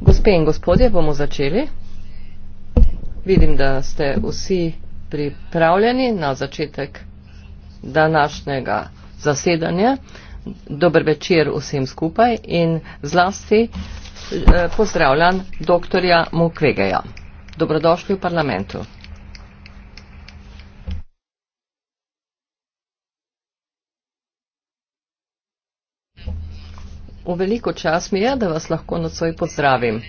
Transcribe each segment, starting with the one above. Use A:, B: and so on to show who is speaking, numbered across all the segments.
A: Gospe in gospodje, bomo začeli. Vidim, da ste vsi pripravljeni na začetek današnjega zasedanja. Dober večer vsem skupaj in zlasti eh, pozdravljam doktorja Mukvegeja. Dobrodošli v parlamentu. V veliko čas mi je, da vas lahko nocoj pozdravim.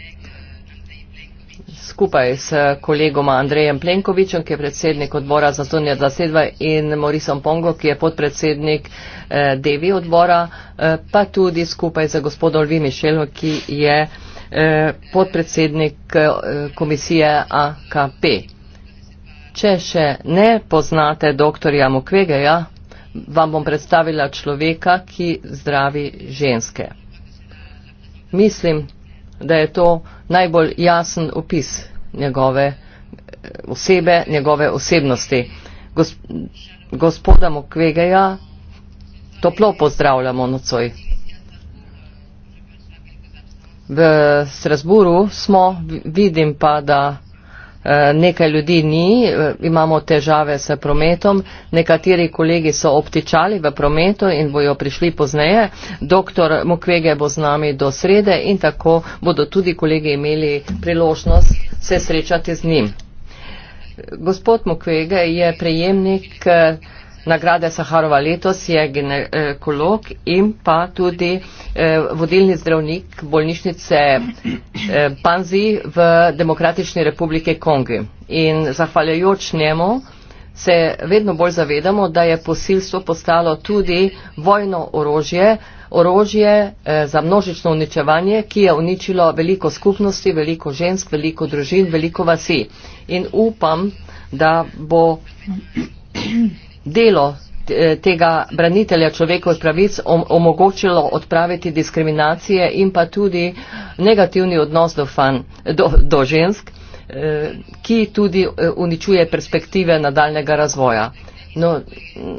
A: Skupaj s kolegoma Andrejem Plenkovičem, ki je predsednik odbora za zunje zasedva in Morisom Pongo, ki je podpredsednik eh, devi odbora, eh, pa tudi skupaj z gospodom Lvi Mišelom, ki je eh, podpredsednik eh, komisije AKP. Če še ne poznate doktorja Mukvegeja, vam bom predstavila človeka, ki zdravi ženske. Mislim, da je to najbolj jasen opis njegove eh, osebe, njegove osebnosti. Gosp gospoda Mokvegeja toplo pozdravljamo nocoj. V Strasburu smo, vidim pa, da Eh, nekaj ljudi ni, eh, imamo težave s prometom, nekateri kolegi so optičali v prometu in bojo prišli pozneje. Doktor Mukvege bo z nami do srede in tako bodo tudi kolegi imeli priložnost se srečati z njim. Gospod Mukvege je prejemnik eh, nagrade Saharova letos je ginekolog in pa tudi eh, vodilni zdravnik bolnišnice eh, Panzi v Demokratični republike Kongi. In zahvaljujoč njemu se vedno bolj zavedamo, da je posilstvo postalo tudi vojno orožje, orožje eh, za množično uničevanje, ki je uničilo veliko skupnosti, veliko žensk, veliko družin, veliko vasi. In upam, da bo delo eh, tega branitelja človekovih pravic omogočilo odpraviti diskriminacije in pa tudi negativni odnos do, fan, do, do žensk, eh, ki tudi eh, uničuje perspektive nadaljnega razvoja. No,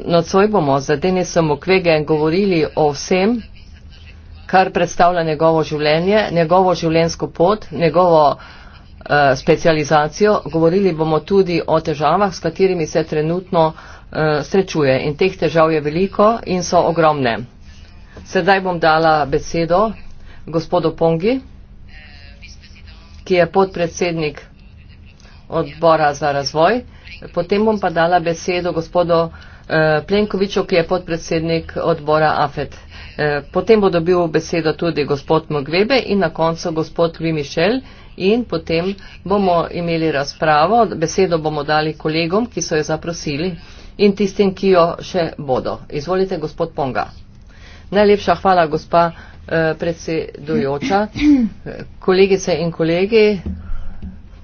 A: nocoj bomo za Denisom Mukwege govorili o vsem, kar predstavlja njegovo življenje, njegovo življenjsko pot, njegovo uh, specializacijo. Govorili bomo tudi o težavah, s katerimi se trenutno uh, srečuje in teh težav je veliko in so ogromne. Sedaj bom dala besedo gospodu Pongi, ki je podpredsednik odbora za razvoj. Potem bom pa dala besedo gospodu uh, eh, Plenkoviču, ki je podpredsednik odbora AFET. Uh, potem bo dobil besedo tudi gospod Mogvebe in na koncu gospod Louis Michel in potem bomo imeli razpravo. Besedo bomo dali kolegom, ki so jo zaprosili. Uh, in tistim, ki jo še bodo. Izvolite, gospod Ponga. Najlepša hvala, gospa eh, predsedujoča, kolegice in kolegi,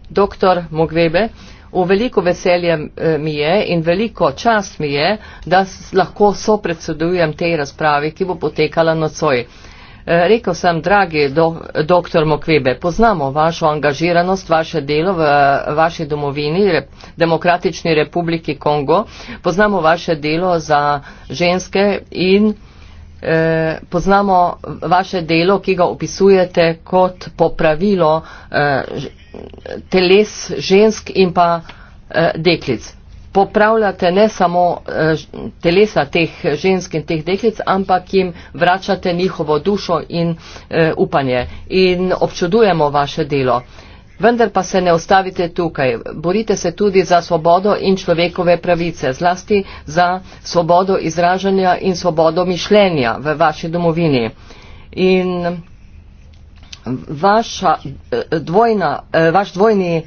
A: doktor Mogvebe. V veliko veselje eh, mi je in veliko čast mi je, da lahko sopredsedujem tej razpravi, ki bo potekala nocoj. Eh, rekel sem, dragi do, doktor Mokvebe, poznamo vašo angažiranost, vaše delo v vaši domovini, Demokratični republiki Kongo, poznamo vaše delo za ženske in eh, poznamo vaše delo, ki ga opisujete kot popravilo eh, teles žensk in pa eh, deklic popravljate ne samo eh, telesa teh žensk in teh deklic, ampak jim vračate njihovo dušo in eh, upanje. In občudujemo vaše delo. Vendar pa se ne ostavite tukaj. Borite se tudi za svobodo in človekove pravice, zlasti za svobodo izražanja in svobodo mišljenja v vaši domovini. In vaša eh, dvojna, vaš dvojni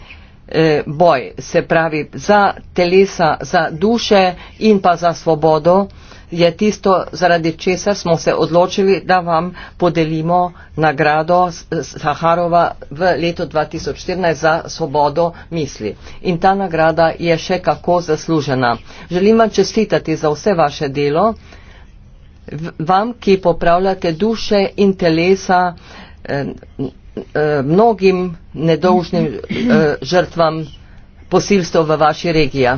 A: Eh, boj, se pravi za telesa, za duše in pa za svobodo, je tisto, zaradi česar smo se odločili, da vam podelimo nagrado Saharova v letu 2014 za svobodo misli. In ta nagrada je še kako zaslužena. Želim vam čestitati za vse vaše delo, vam, ki popravljate duše in telesa. Eh, Eh, mnogim nedolžnim eh, žrtvam posilstev v vaši regiji.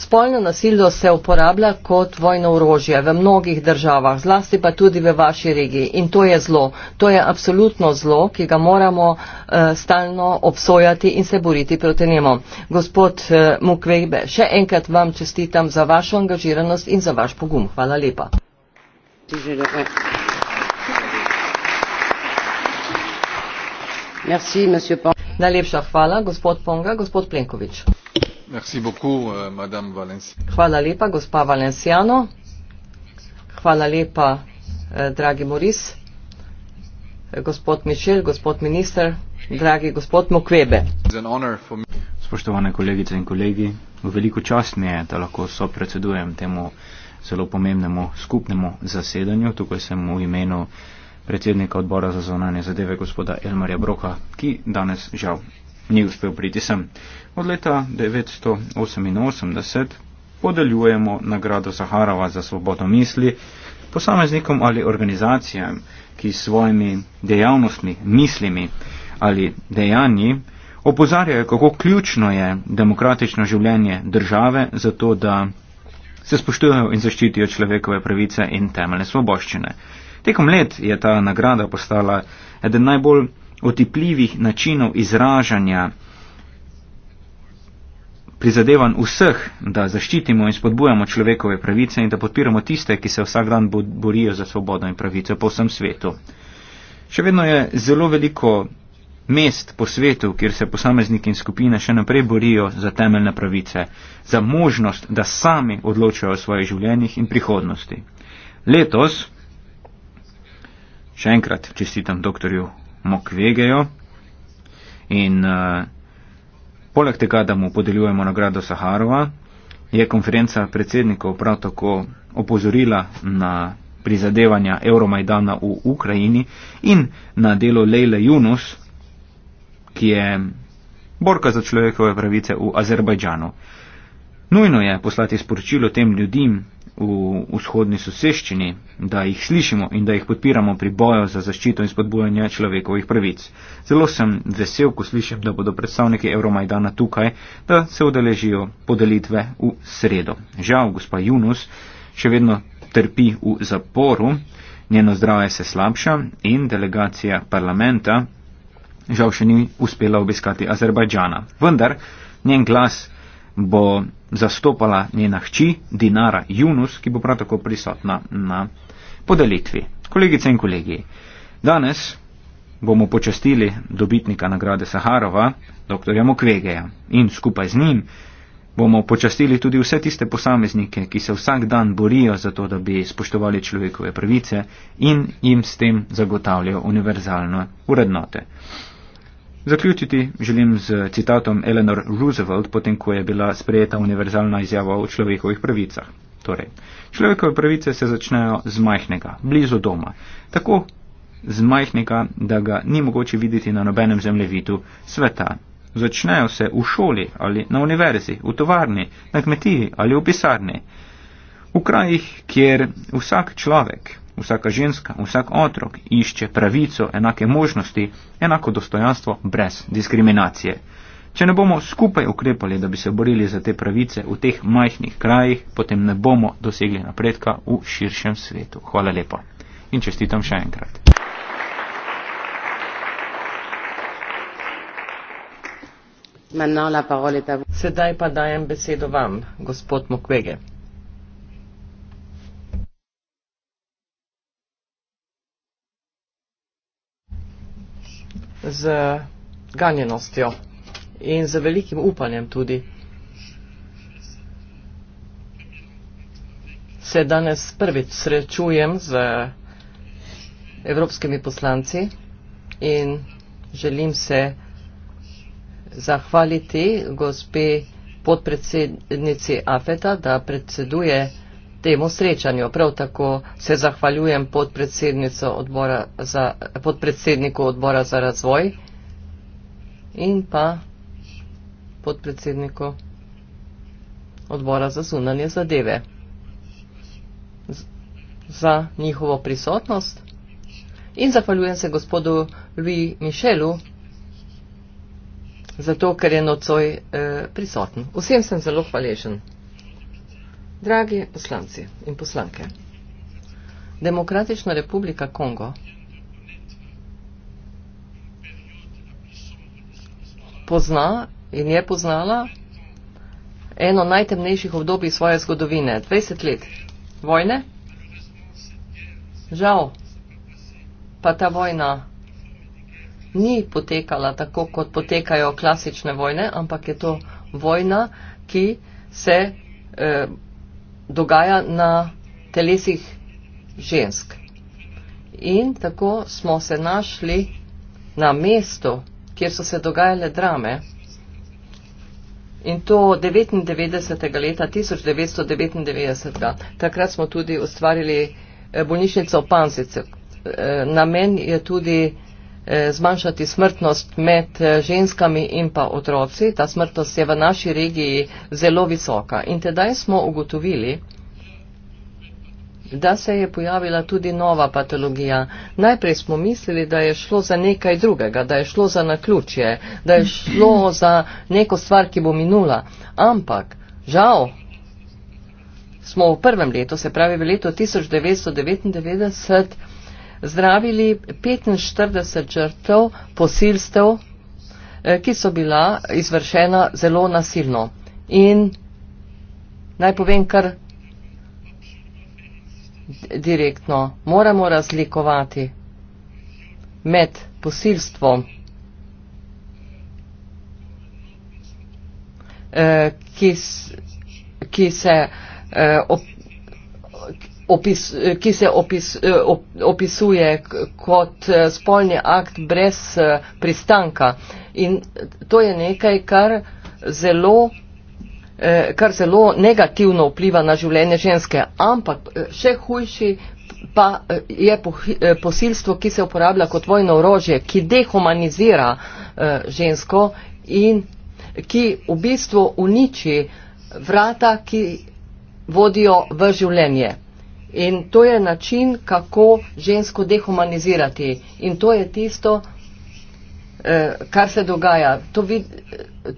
A: Spolno nasilje se uporablja kot vojno orožje v mnogih državah, zlasti pa tudi v vaši regiji. In to je zlo, to je absolutno zlo, ki ga moramo uh, stalno obsojati in se boriti proti njemu. Gospod uh, Mukwege, še enkrat vam čestitam za vašo angažiranost in za vaš pogum. Hvala lepa.
B: Hvala.
A: Najlepša hvala, gospod Ponga, gospod Plenković. Merci beaucoup, euh, madame hvala lepa, gospa Valenciano. Hvala lepa, eh, dragi Moris, eh, gospod Mišel, gospod minister, dragi gospod Mokvebe.
C: Spoštovane kolegice in kolegi, veliko čast mi je, da lahko sopredsedujem temu zelo pomembnemu skupnemu zasedanju. Tukaj sem v imenu predsednika odbora za zvonanje zadeve gospoda Elmarja Broka, ki danes žal ni uspel priti sem. Od leta 1988 podeljujemo nagrado Saharova za svobodo misli posameznikom ali organizacijam, ki s svojimi dejavnostmi, mislimi ali dejanji opozarjajo, kako ključno je demokratično življenje države zato, da se spoštujejo in zaščitijo človekove pravice in temeljne svoboščine. Tekom let je ta nagrada postala eden najbolj otipljivih načinov izražanja prizadevan vseh, da zaščitimo in spodbujamo človekove pravice in da podpiramo tiste, ki se vsak dan borijo za svobodo in pravice po vsem svetu. Še vedno je zelo veliko mest po svetu, kjer se posamezniki in skupine še naprej borijo za temeljne pravice, za možnost, da sami odločajo o svojih življenjih in prihodnosti. Letos še enkrat čestitam dr. Mokvegejo in uh, poleg tega, da mu podeljujemo nagrado Saharova, je konferenca predsednikov prav tako opozorila na prizadevanja Euromajdana v Ukrajini in na delo Leila Junus, ki je borka za človekove pravice v Azerbajdžanu. Uh, Nujno je poslati sporočilo tem ljudem v vzhodni soseščini, da jih slišimo in da jih podpiramo pri boju za zaščito in spodbujanje človekovih pravic. Zelo sem vesel, ko slišim, da bodo predstavniki Euromajdana tukaj, da se udeležijo podelitve v sredo. Žal, gospa Junus še vedno trpi v zaporu, njeno zdravje se slabša in delegacija parlamenta žal še ni uspela obiskati Azerbajdžana. Vendar njen glas bo zastopala njena hči Dinara Junus, ki bo prav tako prisotna na podelitvi. Kolegice in kolegi, danes bomo počastili dobitnika nagrade Saharova, dr. Mukvegeja in skupaj z njim bomo počastili tudi vse tiste posameznike, ki se vsak dan borijo za to, da bi spoštovali človekove pravice in jim s tem zagotavljajo univerzalne urednote. Zaključiti želim z citatom Eleanor Roosevelt, potem ko je bila sprejeta univerzalna izjava o človekovih pravicah. Torej, človekove pravice se začnejo z majhnega, blizu doma. Tako z majhnega, da ga ni mogoče videti na nobenem zemljevidu sveta. Začnejo se v šoli ali na univerzi, v tovarni, na kmetiji ali v pisarni. V krajih, kjer vsak človek vsaka ženska, vsak otrok išče pravico, enake možnosti, enako dostojanstvo brez diskriminacije. Če ne bomo skupaj ukrepali, da bi se borili za te pravice v teh majhnih krajih, potem ne bomo dosegli napredka v širšem svetu. Hvala lepo in čestitam še enkrat.
A: Sedaj pa dajem besedo vam, gospod Mukwege. z ganjenostjo in z velikim upanjem tudi. Se danes prvič srečujem z evropskimi poslanci in želim se zahvaliti gospe podpredsednici Afeta, da predseduje temu srečanju. Prav tako se zahvaljujem odbora za, podpredsedniku odbora za razvoj in pa podpredsedniku odbora za zunanje zadeve za njihovo prisotnost in zahvaljujem se gospodu Louis Michelu zato, ker je nocoj eh, prisoten. Vsem sem zelo hvaležen. Dragi poslanci in poslanke, Demokratična republika Kongo pozna in je poznala eno najtemnejših obdobij svoje zgodovine, 20 let vojne. Žal, pa ta vojna ni potekala tako, kot potekajo klasične vojne, ampak je to vojna, ki se eh, dogaja na telesih žensk. In tako smo se našli na mestu, kjer so se dogajale drame. In to 99. leta 1999. Takrat smo tudi ustvarili eh, bolnišnico Pansice. Eh, namen je tudi Eh, zmanjšati smrtnost med eh, ženskami in pa otroci. Ta smrtnost je v naši regiji zelo visoka. In tedaj smo ugotovili, da se je pojavila tudi nova patologija. Najprej smo mislili, da je šlo za nekaj drugega, da je šlo za naključje, da je šlo za neko stvar, ki bo minula. Ampak, žal, smo v prvem letu, se pravi v letu 1999, zdravili 45 žrtev posilstev, eh, ki so bila izvršena zelo nasilno. In naj povem kar direktno, moramo razlikovati med posilstvom, eh, ki, ki se eh, op, opis, ki se opis, eh, op, opisuje kot eh, spolni akt brez eh, pristanka. In to je nekaj, kar zelo, kar zelo negativno vpliva na življenje ženske. Ampak še hujši pa je posilstvo, ki se uporablja kot vojno orožje, ki dehumanizira žensko in ki v bistvu uniči vrata, ki vodijo v življenje. In to je način, kako žensko dehumanizirati. In to je tisto, eh, kar se dogaja. To, vid,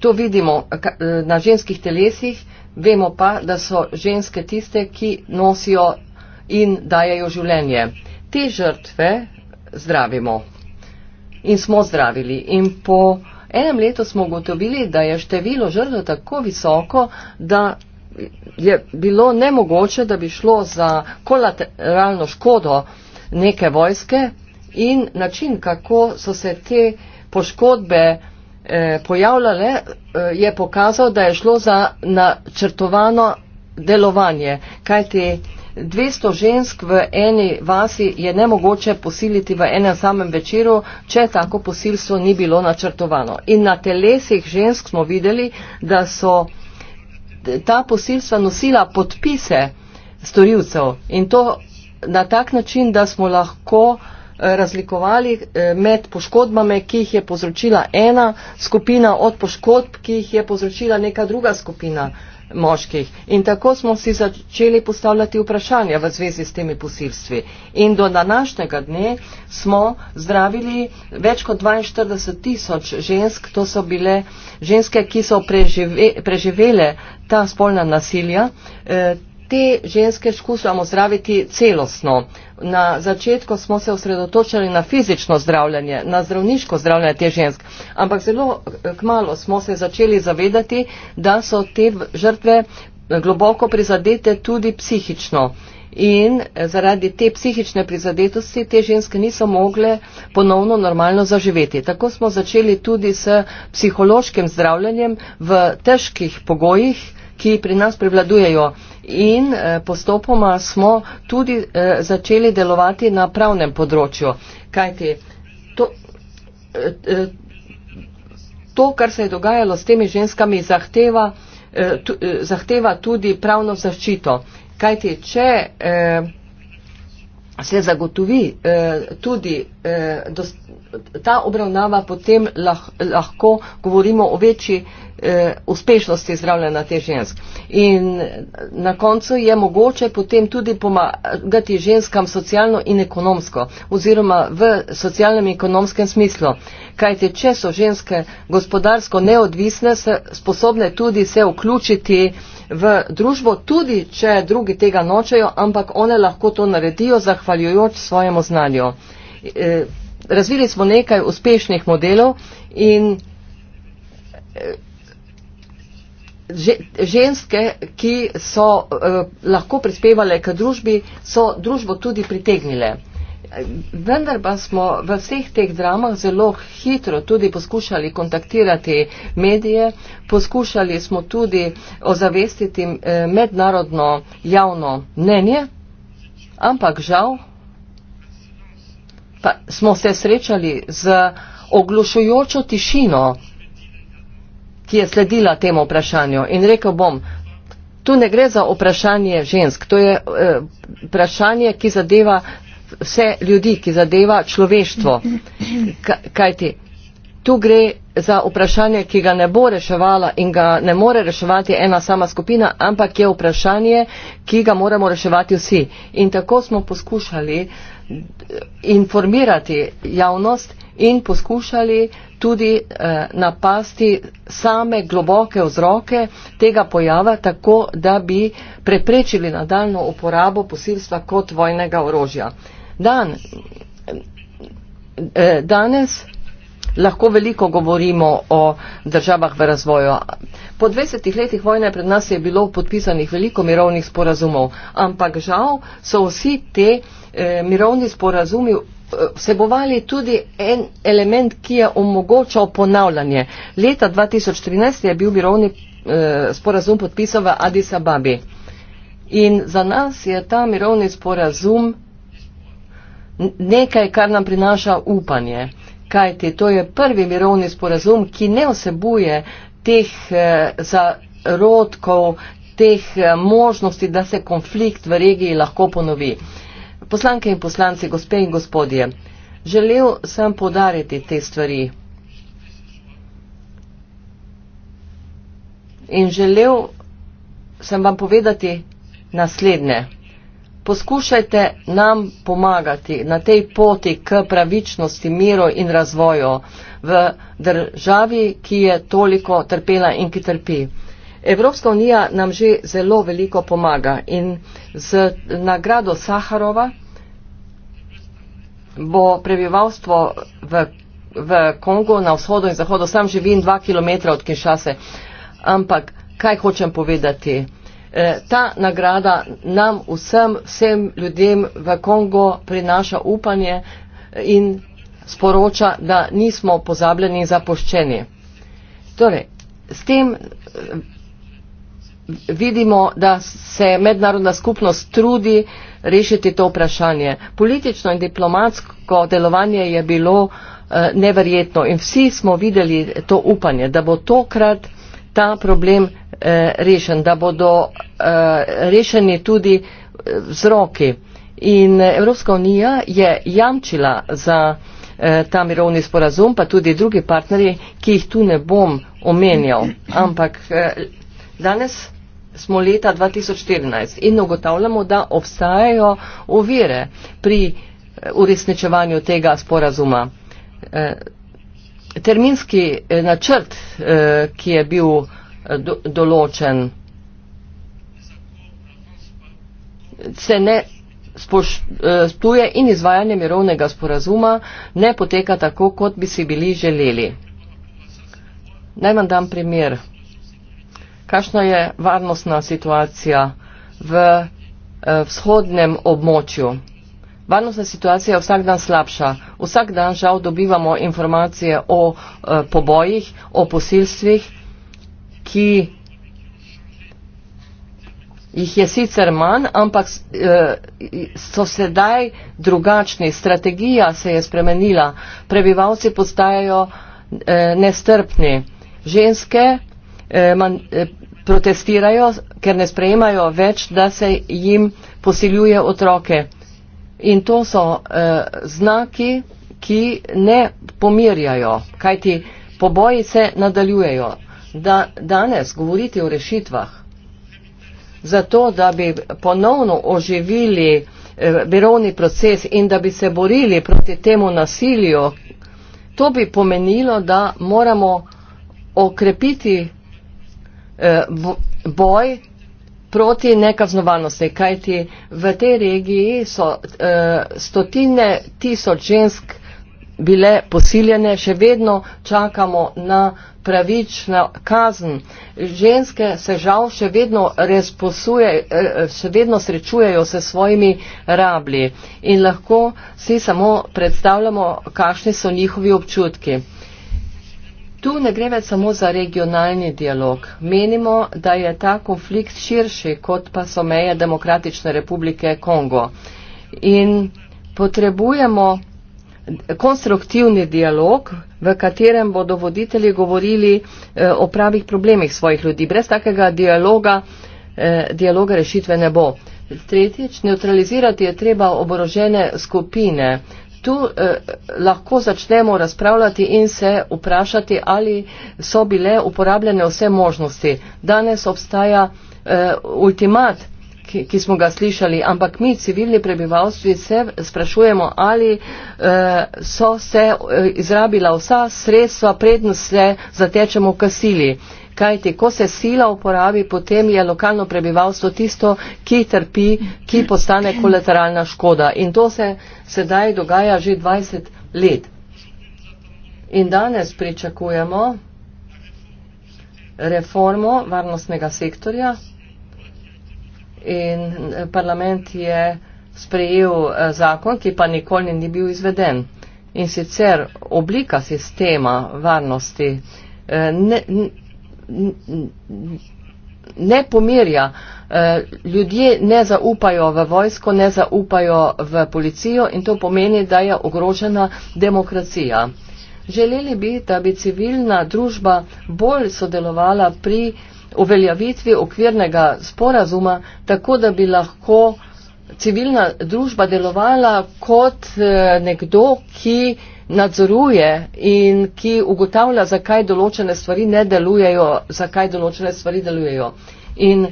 A: to vidimo eh, na ženskih telesih, vemo pa, da so ženske tiste, ki nosijo in dajajo življenje. Te žrtve zdravimo in smo zdravili. In po enem letu smo ugotovili, da je število žrtev tako visoko, da je bilo nemogoče, da bi šlo za kolateralno škodo neke vojske in način, kako so se te poškodbe eh, pojavljale, eh, je pokazal, da je šlo za načrtovano delovanje. Kajti 200 žensk v eni vasi je nemogoče posiliti v enem samem večeru, če tako posilstvo ni bilo načrtovano. In na telesih žensk smo videli, da so ta posilstva nosila podpise storilcev in to na tak način, da smo lahko eh, razlikovali eh, med poškodbami, ki jih je povzročila ena skupina od poškodb, ki jih je povzročila neka druga skupina moških. In tako smo si začeli postavljati vprašanja v zvezi s temi posilstvi. In do današnjega dne smo zdravili več kot 42 tisoč žensk, to so bile ženske, ki so preživele, preživele ta spolna nasilja. Eh, te ženske skušamo zdraviti celostno na začetku smo se osredotočali na fizično zdravljanje, na zdravniško zdravljanje te žensk, ampak zelo eh, kmalo smo se začeli zavedati, da so te žrtve eh, globoko prizadete tudi psihično. In eh, zaradi te psihične prizadetosti te ženske niso mogle ponovno normalno zaživeti. Tako smo začeli tudi s psihološkim zdravljanjem v težkih pogojih, ki pri nas prevladujejo. In eh, postopoma smo tudi eh, začeli delovati na pravnem področju. Kajti to, eh, to, kar se je dogajalo s temi ženskami, zahteva, zahteva tudi pravno zaščito. Kajti, če eh, se zagotovi eh, tudi eh, dost, ta obravnava, potem lah, lahko govorimo o večji eh, uspešnosti zdravljena te žensk. In na koncu je mogoče potem tudi pomagati ženskam socialno in ekonomsko oziroma v socialnem in ekonomskem smislu. Kajte, če so ženske gospodarsko neodvisne, sposobne tudi se vključiti eh, v družbo, tudi če drugi tega nočejo, ampak one lahko to naredijo zahvaljujoč svojemu znanju. E, razvili smo nekaj uspešnih modelov in e, ženske, ki so e, lahko prispevale k družbi, so družbo tudi pritegnile vendar pa smo v vseh teh dramah zelo hitro tudi poskušali kontaktirati medije, poskušali smo tudi ozavestiti eh, mednarodno javno mnenje, ampak žal pa smo se srečali z oglušujočo tišino, ki je sledila temu vprašanju. In rekel bom, tu ne gre za vprašanje žensk, to je eh, vprašanje, ki zadeva vse ljudi, ki zadeva človeštvo. Kaj ti? Tu gre za vprašanje, ki ga ne bo reševala in ga ne more reševati ena sama skupina, ampak je vprašanje, ki ga moramo reševati vsi. In tako smo poskušali eh, informirati javnost in poskušali tudi eh, napasti same globoke vzroke tega pojava, tako da bi preprečili nadaljno uporabo posilstva kot vojnega orožja. Eh, dan. Eh, danes lahko veliko govorimo o državah v razvoju. Po 20 letih vojne pred nas je bilo podpisanih veliko mirovnih sporazumov, ampak žal so vsi te eh, mirovni sporazumi eh, vsebovali tudi en element, ki je omogočal ponavljanje. Leta 2013 je bil mirovni eh, sporazum podpisan v Addis Ababi. In za nas je ta mirovni sporazum nekaj, kar nam prinaša upanje. Kajti to je prvi mirovni sporazum, ki ne osebuje teh eh, zarodkov, teh eh, možnosti, da se konflikt v regiji lahko ponovi. Poslanke in poslanci, gospe in gospodje, želel sem podariti te stvari. In želel sem vam povedati naslednje poskušajte nam pomagati na tej poti k pravičnosti, miru in razvoju v državi, ki je toliko trpela in ki trpi. Evropska unija nam že zelo veliko pomaga in z nagrado Saharova bo prebivalstvo v, v Kongu na vzhodu in zahodu, sam živim dva kilometra od Kinshase, ampak kaj hočem povedati? Eh, ta nagrada nam vsem, vsem ljudem v Kongo prinaša upanje eh, in sporoča, da nismo pozabljeni in zapoščeni. Torej, s tem eh, vidimo, da se mednarodna skupnost trudi rešiti to vprašanje. Politično in diplomatsko delovanje je bilo neverjetno in vsi smo videli to upanje, da bo tokrat ta problem eh, rešen, da bodo eh, rešeni tudi eh, vzroki. In Evropska unija je jamčila za ta mirovni sporazum, pa tudi drugi partnerji, ki jih tu ne bom omenjal. Ampak danes smo leta 2014 in ugotavljamo, da obstajajo ovire pri uresničevanju tega sporazuma terminski eh, načrt, eh, ki je bil eh, določen, se ne spoštuje in izvajanje mirovnega sporazuma ne poteka tako, kot bi si bili želeli. Naj vam dam primer, kakšna je varnostna situacija v vzhodnem območju. Varnostna situacija je vsak dan slabša. Vsak dan žal dobivamo informacije o e, pobojih, o posilstvih, ki jih je sicer manj, ampak e, so sedaj drugačni. Strategija se je spremenila. Prebivalci postajajo e, nestrpni. Ženske e, man, e, protestirajo, ker ne sprejemajo več, da se jim posiljuje otroke. In to so eh, znaki, ki ne pomirjajo, kajti poboji se nadaljujejo. Da danes govoriti o rešitvah, zato da bi ponovno oživili eh, verovni proces in da bi se borili proti temu nasilju, to bi pomenilo, da moramo okrepiti eh, boj proti nekaznovanosti, kajti v tej regiji so uh, stotine tisoč žensk bile posiljene, še vedno čakamo na pravično kazen. Ženske se žal še vedno, eh, še vedno srečujejo se svojimi rablji in lahko si samo predstavljamo, kakšni so njihovi občutki. Tu ne gre več samo za regionalni dialog. Menimo, da je ta konflikt širši, kot pa so meje Demokratične republike Kongo. In potrebujemo konstruktivni dialog, v katerem bodo voditelji govorili eh, o pravih problemih svojih ljudi. Brez takega dialoga, eh, dialoga rešitve ne bo. Tretjič, neutralizirati je treba oborožene skupine tu eh, lahko začnemo razpravljati in se vprašati, ali so bile uporabljene vse možnosti. Danes obstaja eh, ultimat, ki, ki smo ga slišali, ampak mi, civilni prebivalstvi, se sprašujemo, ali eh, so se eh, izrabila vsa sredstva prednost se zatečemo k sili. Eh, kajti ko se sila uporabi, potem je lokalno prebivalstvo tisto, ki trpi, ki postane kolateralna škoda. In to se sedaj dogaja že 20 let. In danes pričakujemo reformo varnostnega sektorja. In eh, parlament je sprejel eh, zakon, ki pa nikoli ni bil izveden. In sicer oblika sistema varnosti eh, ne, ne pomirja. Eh, ljudje ne zaupajo v vojsko, ne zaupajo v policijo in to pomeni, da je ogrožena demokracija. Želeli bi, da bi civilna družba bolj sodelovala pri uveljavitvi okvirnega sporazuma, tako da bi lahko civilna družba delovala kot eh, nekdo, ki eh, nadzoruje in ki ugotavlja, zakaj določene stvari ne delujejo, zakaj določene stvari delujejo. In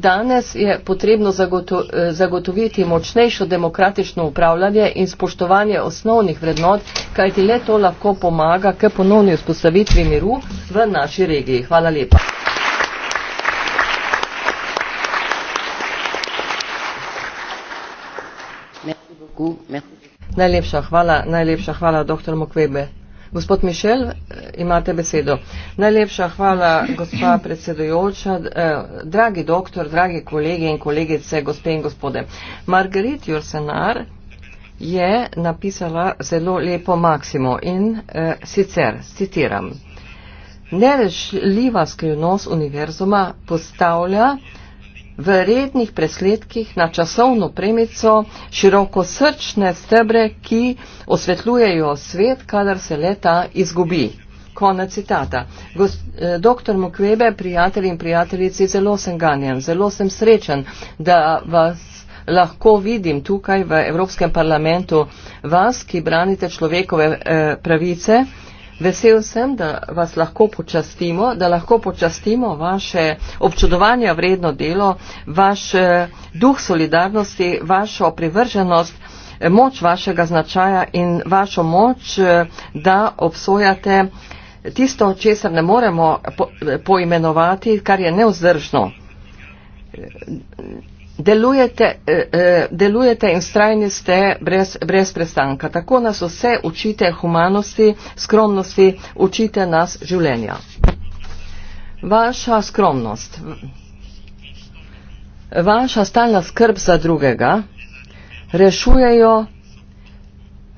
A: danes je potrebno zagoto, zagotoviti močnejšo demokratično upravljanje in spoštovanje osnovnih vrednot, kajti le to lahko pomaga k ponovni vzpostavitvi miru v naši regiji. Hvala lepa. Merci beaucoup. Merci. Najlepša hvala, najlepša hvala, doktor Mokvebe. Gospod Mišel, eh, imate besedo. Najlepša hvala, gospa predsedujoča, eh, dragi doktor, dragi kolege in kolegice, gospe in gospode. Margarit Jursenar je napisala zelo lepo maksimo in eh, sicer, citiram, nerešljiva skrivnost univerzuma postavlja v rednih presledkih na časovno premico širokosrčne stebre, ki osvetljujejo svet, kadar se leta izgubi. Konec citata. Gost, eh, doktor Mukwebe, prijatelji in prijateljici, zelo sem ganjen, zelo sem srečen, da vas lahko vidim tukaj v Evropskem parlamentu, vas, ki branite človekove eh, pravice. Vesel sem, da vas lahko počastimo, da lahko počastimo vaše občudovanja vredno delo, vaš eh, duh solidarnosti, vašo privrženost, eh, moč vašega značaja in vašo moč, eh, da obsojate tisto, česar ne moremo poimenovati, kar je neozdržno delujete, eh, eh, delujete in strajni ste brez, brez prestanka. Tako nas vse učite humanosti, skromnosti, učite nas življenja. Vaša skromnost, vaša stalna skrb za drugega rešujejo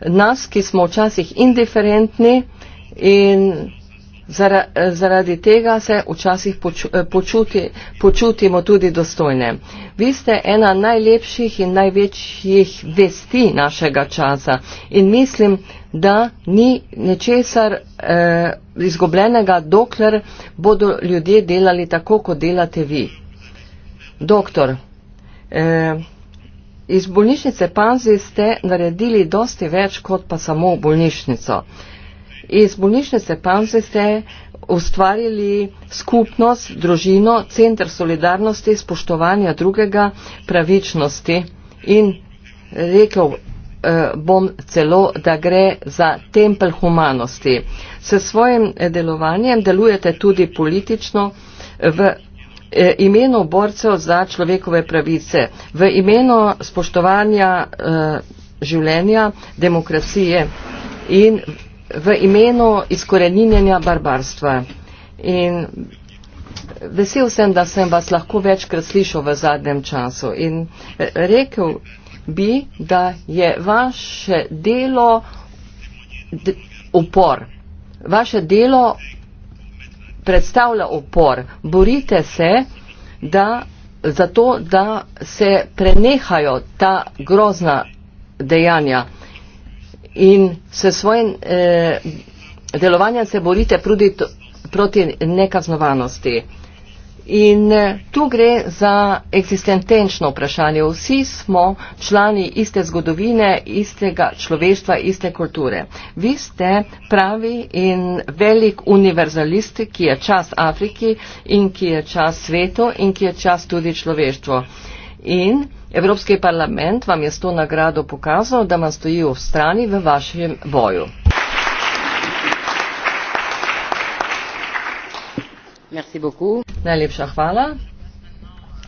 A: nas, ki smo včasih indiferentni in Zara, zaradi tega se včasih poču, eh, počuti, počutimo tudi dostojne. Vi ste ena najlepših in največjih vesti našega časa in mislim, da ni nečesar eh, izgubljenega, dokler bodo ljudje delali tako, kot delate vi. Doktor, eh, iz bolnišnice Panzi ste naredili dosti več kot pa samo bolnišnico. Eh, iz bolnišnice Panze ste ustvarili skupnost, družino, center solidarnosti, spoštovanja drugega, pravičnosti in rekel eh, bom celo, da gre za tempel humanosti. S svojim delovanjem delujete tudi politično v eh, imenu borcev za človekove pravice, v imenu spoštovanja eh, življenja, demokracije in v imenu izkoreninjenja barbarstva. In vesel sem, da sem vas lahko večkrat slišal v zadnjem času. In rekel bi, da je vaše delo upor. Vaše delo predstavlja upor. Borite se, da zato, da se prenehajo ta grozna dejanja in se svojim eh, delovanjem se borite proti nekaznovanosti. In eh, tu gre za eksistentenčno vprašanje. Vsi smo člani iste zgodovine, istega človeštva, iste kulture. Vi ste pravi in velik univerzalist, ki je čas Afriki in ki je čas svetu in ki je čas tudi človeštvo. In Evropski parlament vam je s to nagrado pokazal, da vam stoji v strani v vašem boju. Najlepša hvala.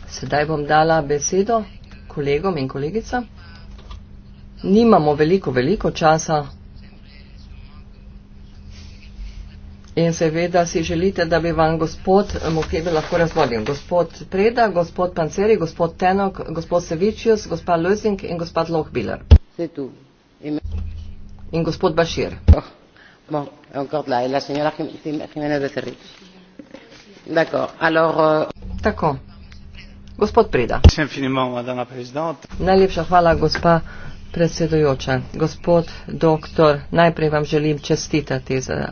A: Sedaj bom dala besedo kolegom in kolegicam. Nimamo veliko, veliko časa, In seveda si želite, da bi vam gospod Mukebe lahko razvodil. Gospod Preda, gospod Panceri, gospod Tenok, gospod Sevičius, gospod Lozing in gospod Lohbiler. In gospod Bašir. Oh, euh, Tako. Gospod Preda. Najlepša hvala, gospa predsedujoča. Gospod doktor, najprej vam želim čestitati za.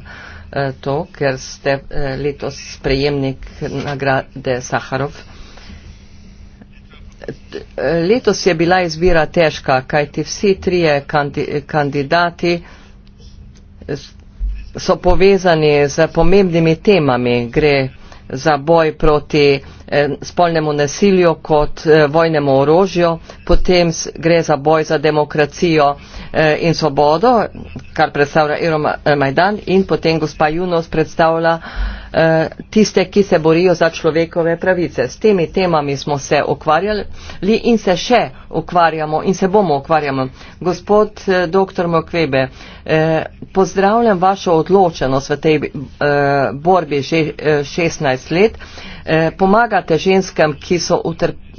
A: Eh, to, ker ste eh, letos sprejemnik nagrade Saharov. Letos je bila izbira težka, kajti vsi trije kandidati so povezani z pomembnimi temami. Gre za boj proti Eh, spolnemu nasilju kot eh, vojnemu orožju, potem gre za boj za demokracijo eh, in svobodo, kar predstavlja Iro Majdan in potem gospa Junos predstavlja tiste, ki se borijo za človekove pravice. S temi temami smo se ukvarjali in se še ukvarjamo in se bomo ukvarjali. Gospod dr. Mokvebe, pozdravljam vašo odločenost v tej borbi že 16 let. Pomaga pomagate ženskam, ki so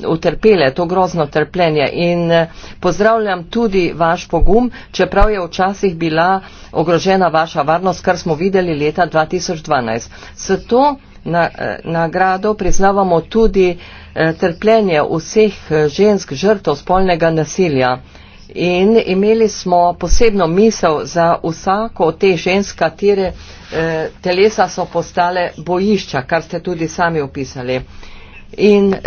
A: utrpele to grozno trpljenje. In eh, pozdravljam tudi vaš pogum, čeprav je včasih bila ogrožena vaša varnost, kar smo videli leta 2012. Zato eh, nagrado na priznavamo tudi eh, trpljenje vseh žensk žrtov spolnega nasilja in imeli smo posebno misel za vsako od teh žensk, katere eh, telesa so postale bojišča, kar ste tudi sami opisali. In eh,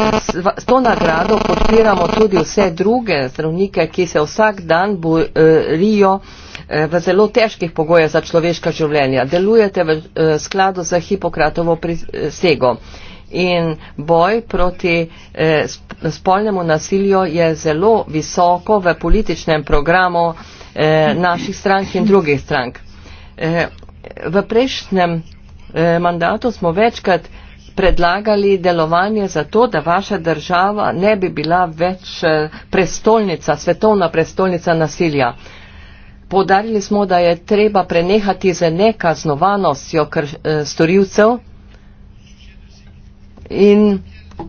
A: s to nagrado podpiramo tudi vse druge zdravnike, ki se vsak dan borijo eh, v zelo težkih pogojih za človeška življenja. Delujete v eh, skladu z Hipokratovo prisego. Pri in boj proti eh, spolnemu nasilju je zelo visoko v političnem programu eh, naših strank in drugih strank. Eh, v prejšnjem eh, mandatu smo večkrat predlagali delovanje za to, da vaša država ne bi bila več eh, prestolnica, svetovna prestolnica nasilja. Podarili smo, da je treba prenehati z nekaznovanostjo eh, storilcev, In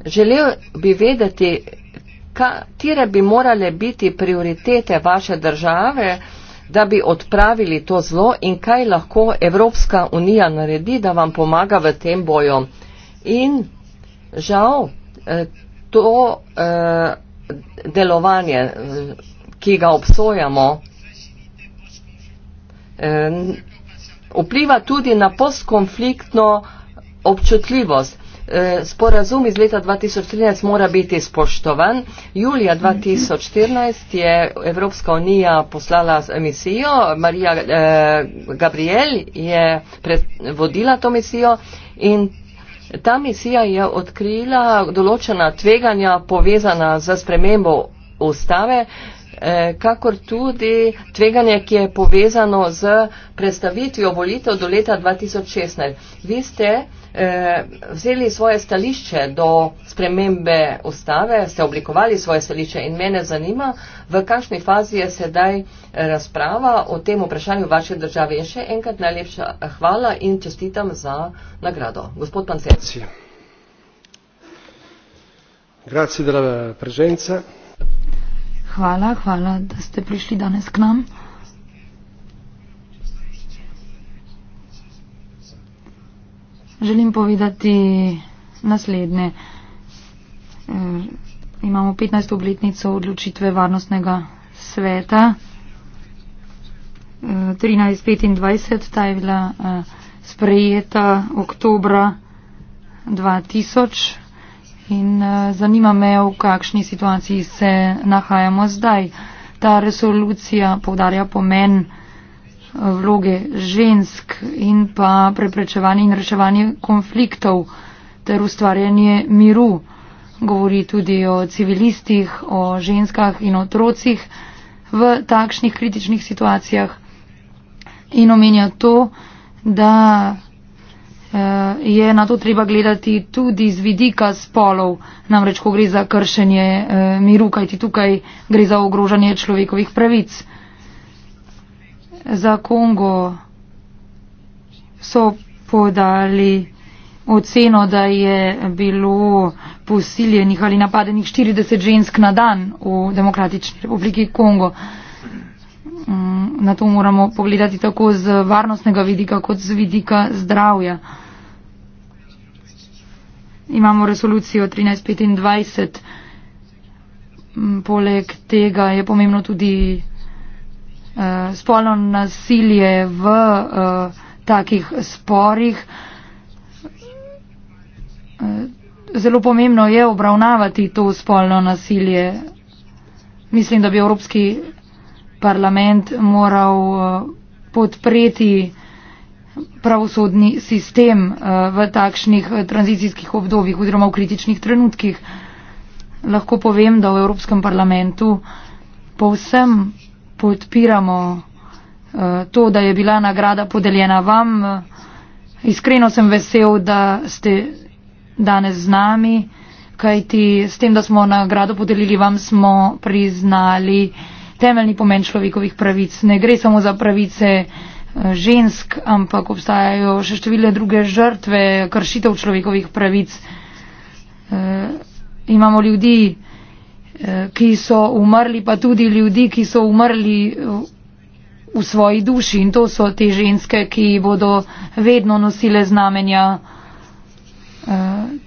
A: želel bi vedeti, katere bi morale biti prioritete vaše države, da bi odpravili to zlo in kaj lahko Evropska unija naredi, da vam pomaga v tem boju. In žal, eh, to eh, delovanje, eh, ki ga obsojamo, vpliva tudi na postkonfliktno občutljivost. Eh, sporazum iz leta 2013 mora biti spoštovan. Julija 2014 je Evropska unija poslala misijo, Marija eh, Gabriel je vodila to misijo in ta misija je odkrila določena tveganja povezana z spremembo ustave, eh, kakor tudi tveganje, ki je povezano z predstavitvijo volitev do leta 2016. Vi ste eh, vzeli svoje stališče do spremembe ustave, ste oblikovali svoje stališče in mene zanima, v kakšni fazi je sedaj razprava o tem vprašanju vaše države. In še enkrat najlepša hvala in čestitam za nagrado. Gospod Pancet.
B: Hvala, hvala, da ste prišli danes k nam. želim povedati naslednje. Eh, imamo 15. obletnico odločitve varnostnega sveta. 13.25, eh, ta je bila eh, sprejeta oktobra 2000 in zanima me, v kakšni situaciji se nahajamo zdaj. Ta resolucija povdarja pomen vloge žensk in pa preprečevanje in reševanje konfliktov ter ustvarjanje miru. Govori tudi o civilistih, o ženskah in otrocih v takšnih kritičnih situacijah in omenja to, da eh, je na to treba gledati tudi z vidika spolov, namreč ko gre za kršenje eh, miru, kajti tukaj gre za ogrožanje človekovih pravic za Kongo so podali oceno, da je bilo posiljenih ali napadenih 40 žensk na dan v Demokratični republiki Kongo. Mm, na to moramo pogledati tako z varnostnega vidika kot z vidika zdravja. Imamo resolucijo 1325. Mm, poleg tega je pomembno tudi Eh, spolno nasilje v eh, takih sporih. Eh, zelo pomembno je obravnavati to spolno nasilje. Mislim, da bi Evropski parlament moral podpreti pravosodni sistem v takšnih tranzicijskih obdobjih oziroma v kritičnih trenutkih. Lahko povem, da v Evropskem parlamentu povsem podpiramo eh, to, da je bila nagrada podeljena vam. Iskreno sem vesel, da ste danes z nami, kajti s tem, da smo nagrado podelili vam, smo priznali temeljni pomen človekovih pravic. Ne gre samo za pravice eh, žensk, ampak obstajajo še številne druge žrtve kršitev človekovih pravic. E, imamo ljudi, Eh, ki so umrli, pa tudi ljudi, ki so umrli eh, v svoji duši. In to so te ženske, ki bodo vedno nosile znamenja eh,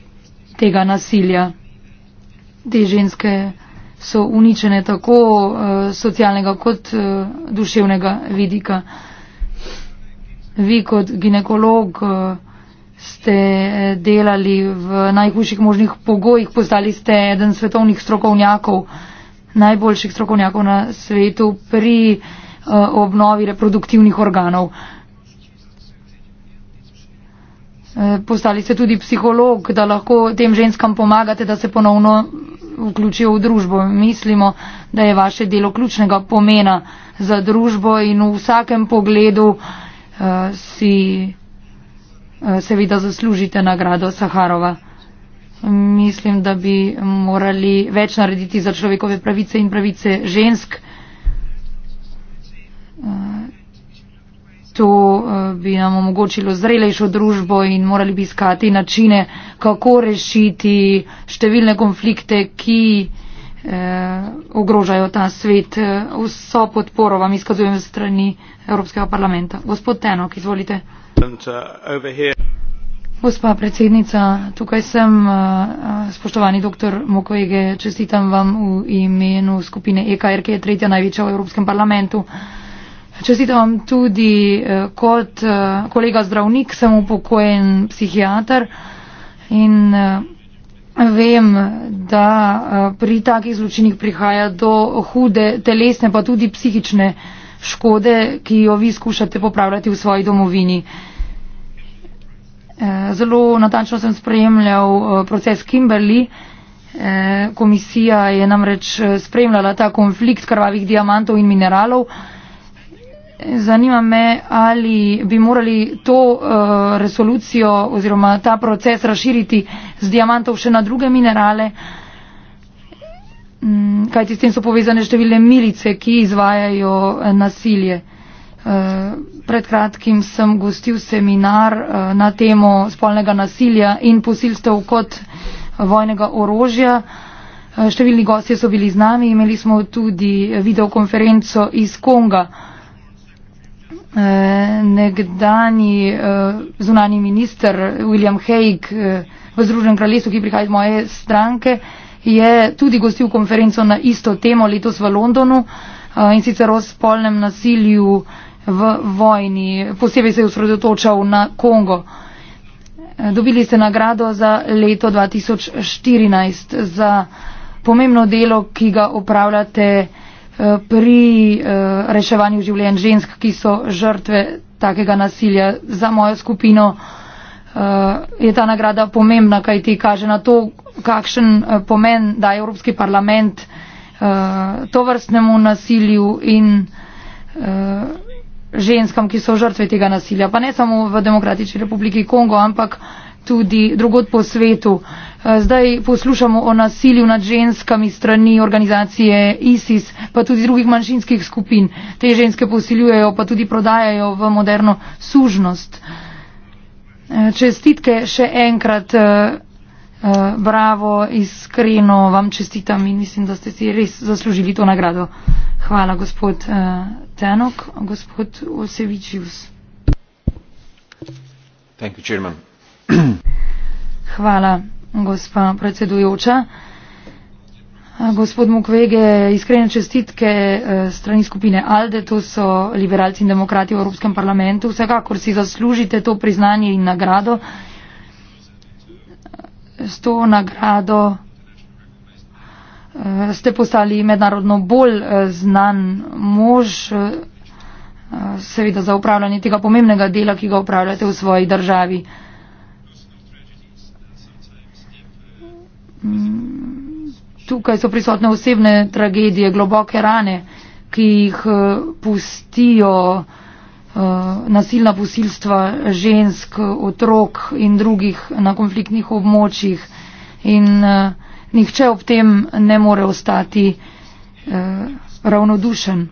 B: tega nasilja. Te ženske so uničene tako socialnega kot duševnega vidika. Vi kot ginekolog ste eh, delali v najhujših možnih pogojih, postali ste eden svetovnih strokovnjakov, najboljših strokovnjakov na svetu pri uh, obnovi reproduktivnih organov. Eh, postali ste tudi psiholog, da lahko tem ženskam pomagate, da se ponovno vključijo v družbo. Mislimo, da je vaše delo ključnega pomena za družbo in v vsakem pogledu uh, si Eh, seveda zaslužite nagrado Saharova. Mislim, da bi morali več narediti za človekove pravice in pravice žensk. Eh, to eh, bi nam omogočilo zrelejšo družbo in morali bi iskati načine, kako rešiti številne konflikte, ki eh, ogrožajo ta svet. Vso podporo vam izkazujem strani Evropskega parlamenta. Gospod Tenok, izvolite.
C: Uh,
B: Gospa predsednica, tukaj sem, uh, uh, spoštovani dr. Mukwege, čestitam vam v imenu skupine EKR, ki je tretja največja v Evropskem parlamentu. Čestitam vam tudi kot kolega zdravnik, sem upokojen psihiater in vem, da pri takih zločinih prihaja do hude telesne pa tudi psihične škode, ki jo vi skušate popravljati v svoji domovini. Eh, zelo natančno sem spremljal eh, proces Kimberly. Eh, komisija je namreč spremljala ta konflikt krvavih diamantov in mineralov. Zanima me, ali bi morali to resolucijo oziroma ta proces razširiti z diamantov še na druge minerale, mm, kajti s tem so povezane številne milice, ki izvajajo nasilje. Eh, pred kratkim sem gostil seminar eh, na temo spolnega nasilja in posilstev kot vojnega orožja. Eh, številni gostje so bili z nami, imeli smo tudi videokonferenco iz Konga. Nekdani zunani minister William Hague v Združenem kraljestvu, ki prihaja iz moje stranke, je tudi gostil konferenco na isto temo letos v Londonu in sicer o spolnem nasilju v vojni, posebej se je usredotočal na Kongo. Dobili ste nagrado za leto 2014 za pomembno delo, ki ga upravljate eh, pri eh, reševanju življenj žensk, ki so žrtve takega nasilja. Za mojo skupino eh, je ta nagrada pomembna, kaj ti kaže na to, kakšen pomen daje Evropski parlament to vrstnemu nasilju in ženskam, ki so žrtve tega nasilja, pa ne samo v Demokratični republiki Kongo, ampak tudi drugot po svetu. Eh, zdaj poslušamo o nasilju nad ženskami strani organizacije ISIS, pa tudi drugih manjšinskih skupin. Te ženske posiljujejo, pa tudi prodajajo v moderno sužnost. Eh, čestitke še enkrat. Eh, Eh, bravo, iskreno vam čestitam in mislim, da ste si res zaslužili to nagrado. Hvala, gospod uh, Tenok. Gospod Osevičius. Thank you, chairman. Hvala, gospa predsedujoča. Eh, gospod Mukwege, iskrene čestitke strani skupine ALDE, to so liberalci in demokrati v Evropskem parlamentu. Vsekakor si zaslužite to priznanje in nagrado s to nagrado eh, ste postali mednarodno bolj eh, znan mož, eh, seveda za upravljanje tega pomembnega dela, ki ga upravljate v svoji državi. Mm, tukaj so prisotne osebne tragedije, globoke rane, ki jih pustijo Eh, nasilna posilstva žensk, otrok in drugih na konfliktnih območjih in uh, nihče ob tem ne more ostati uh, ravnodušen.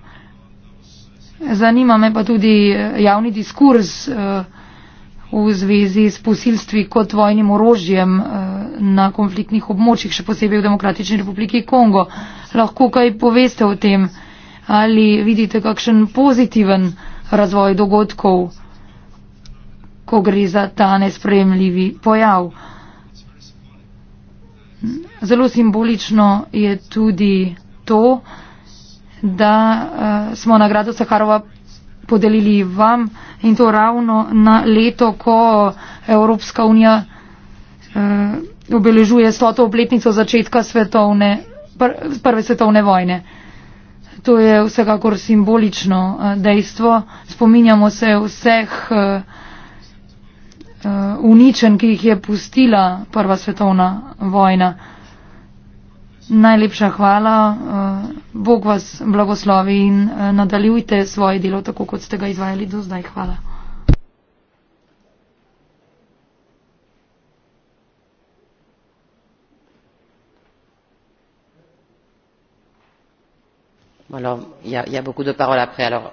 B: Zanima me pa tudi javni diskurs uh, v zvezi s posilstvi kot vojnim orožjem uh, na konfliktnih območjih, še posebej v Demokratični republiki Kongo. Lahko kaj poveste o tem? Ali vidite kakšen pozitiven uh, razvoj dogodkov, ko gre za ta nespremljivi pojav. Zelo simbolično je tudi to, da uh, smo nagrado Saharova podelili vam in to ravno na leto, ko Evropska unija uh, obeležuje stoto obletnico začetka svetovne, pr prve svetovne vojne. To je vsekakor simbolično eh, dejstvo. Spominjamo se vseh eh, eh, uničen, ki jih je pustila Prva svetovna vojna. Najlepša hvala. Bog vas blagoslovi in nadaljujte svoje delo tako, kot ste ga izvajali do zdaj. Hvala.
A: Alors, il y, y a beaucoup de paroles après. Alors,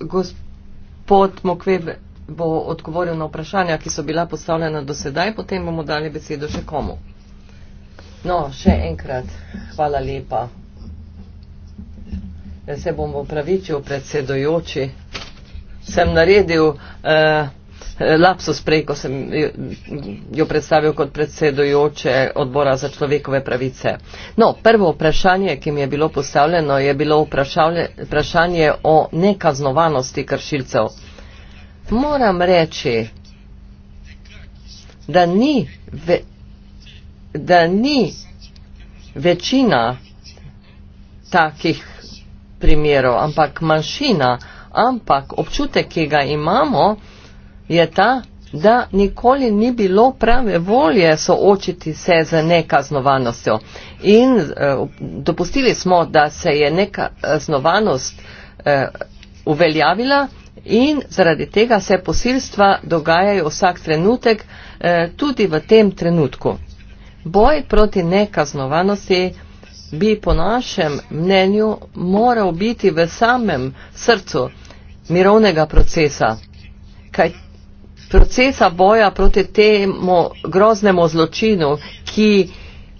A: Gospod Mokveb bo odgovoril na vprašanja, ki so bila postavljena do sedaj, potem bomo dali besedo še komu. No, še enkrat, hvala lepa. Jaz se bom opravičil predsedojoči. Sem naredil. Uh, lapsus prej, ko sem jo predstavil kot predsedujoče odbora za človekove pravice. No, prvo vprašanje, ki mi je bilo postavljeno, je bilo vprašanje o nekaznovanosti kršilcev. Moram reči, da ni, ve, da ni večina takih primerov, ampak manjšina, ampak občutek, ki ga imamo, je ta, da nikoli ni bilo prave volje soočiti se z nekaznovanostjo. In eh, dopustili smo, da se je nekaznovanost eh, uveljavila in zaradi tega se posilstva dogajajo vsak trenutek, eh, tudi v tem trenutku. Boj proti nekaznovanosti bi po našem mnenju moral biti v samem srcu mirovnega procesa. Kaj procesa boja proti temu groznemu zločinu, ki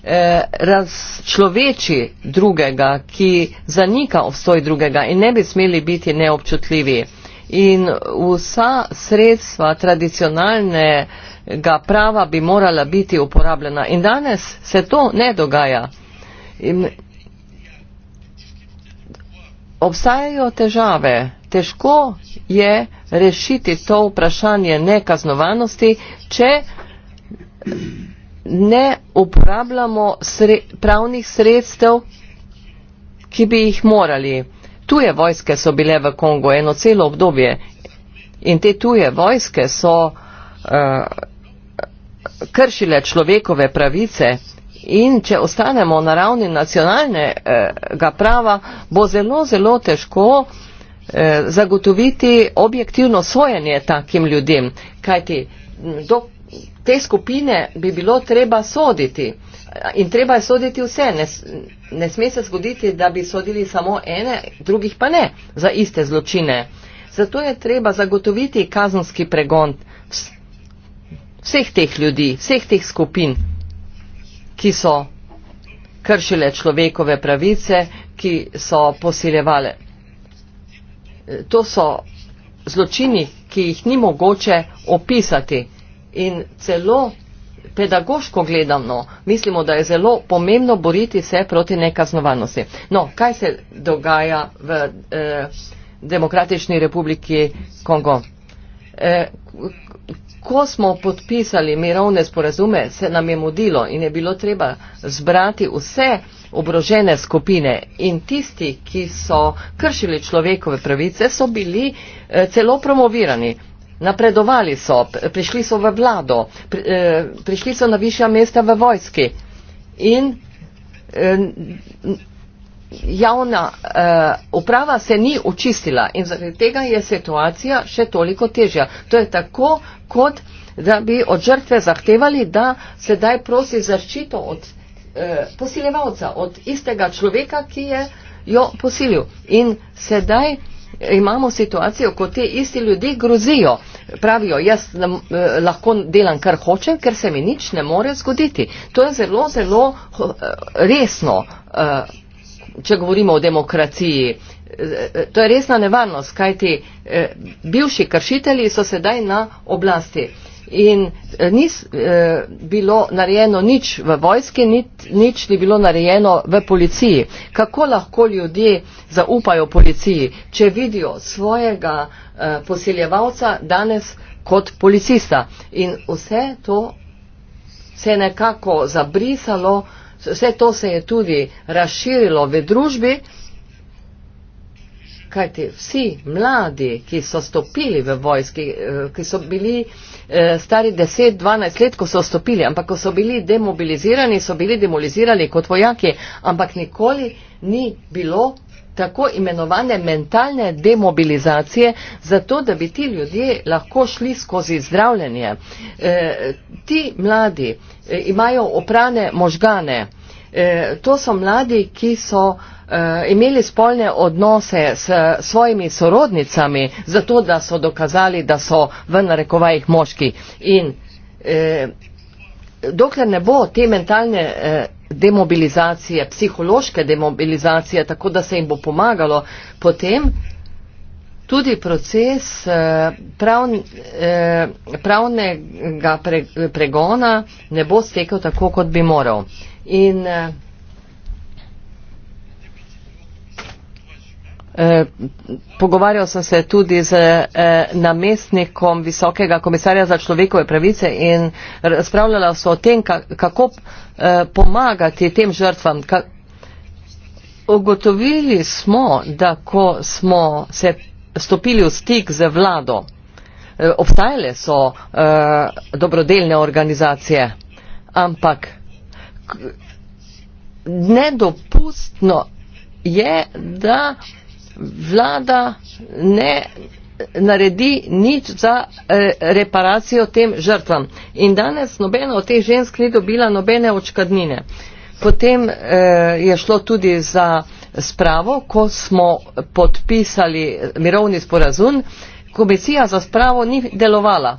A: eh, razčloveči drugega, ki zanika obstoj drugega in ne bi smeli biti neobčutljivi. In vsa sredstva tradicionalnega prava bi morala biti uporabljena. In danes se to ne dogaja. In obstajajo težave. Težko je rešiti to vprašanje nekaznovanosti, če ne uporabljamo sre pravnih sredstev, ki bi jih morali. Tuje vojske so bile v Kongo eno celo obdobje in te tuje vojske so uh, kršile človekove pravice in če ostanemo na ravni nacionalnega prava, bo zelo, zelo težko uh, Eh, zagotoviti objektivno sojenje takim ljudem, kajti do te skupine bi bilo treba soditi in treba je soditi vse. Ne, ne sme se zgoditi, da bi sodili samo ene, drugih pa ne za iste zločine. Zato je treba zagotoviti kazenski pregon vseh teh ljudi, vseh teh skupin, ki so kršile človekove pravice, ki so posiljevale to so zločini, ki jih ni mogoče opisati. In celo pedagoško gledano mislimo, da je zelo pomembno boriti se proti nekaznovanosti. No, kaj se dogaja v eh, Demokratični republiki Kongo? Eh, Ko smo podpisali mirovne sporazume, se nam je mudilo in je bilo treba zbrati vse eh, obrožene skupine in tisti, ki so kršili človekove pravice, so bili eh, celo promovirani. Napredovali so, prišli so v vlado, eh, prišli so na višja mesta v vojski in eh, javna uprava se ni očistila in zaradi tega je situacija še toliko težja. To je tako, kot da bi od žrtve zahtevali, da sedaj prosi zaščito od eh, posiljevalca, od istega človeka, ki je jo posilil. In sedaj eh, imamo situacijo, ko te isti ljudi grozijo. Pravijo, jaz eh, lahko delam, kar hočem, ker se mi nič ne more zgoditi. To je zelo, zelo eh, resno, eh, če govorimo o demokraciji. Eh, eh, to je resna nevarnost, kajti eh, bivši kršitelji so sedaj na oblasti. Eh, in eh, ni eh, bilo narejeno nič v vojski, nič, nič ni bilo narejeno v policiji. Kako lahko ljudje zaupajo policiji, če vidijo svojega eh, posiljevalca danes kot policista? In vse to se je nekako zabrisalo, vse to se je tudi razširilo v družbi, kajti vsi mladi, ki so stopili v vojski, eh, ki so bili eh, stari 10-12 let, ko so stopili, ampak ko so bili demobilizirani, so bili demolizirani kot vojaki, ampak nikoli ni bilo tako imenovane mentalne demobilizacije, zato da bi ti ljudje lahko šli skozi zdravljenje. E, ti mladi e, imajo oprane možgane. E, to so mladi, ki so Eh, imeli spolne odnose s svojimi sorodnicami, zato da so dokazali, da so v narekovajih moški. In eh, dokler ne bo te mentalne eh, demobilizacije, psihološke demobilizacije, tako da se jim bo pomagalo, potem tudi proces eh, prav, eh, pravnega pregona ne bo stekel tako, kot bi moral. In eh, Eh, pogovarjal sem se tudi z eh, namestnikom visokega komisarja za človekove pravice in razpravljala so o tem, kako eh, pomagati tem žrtvam. Ogotovili smo, da ko smo se stopili v stik z vlado, obstajale so dobrodelne organizacije, ampak nedopustno je, da vlada ne naredi nič za eh, reparacijo tem žrtvam. In danes nobena od teh žensk ni dobila nobene očkadnine. Potem eh, je šlo tudi za spravo, ko smo podpisali mirovni sporazum, komisija za spravo ni delovala.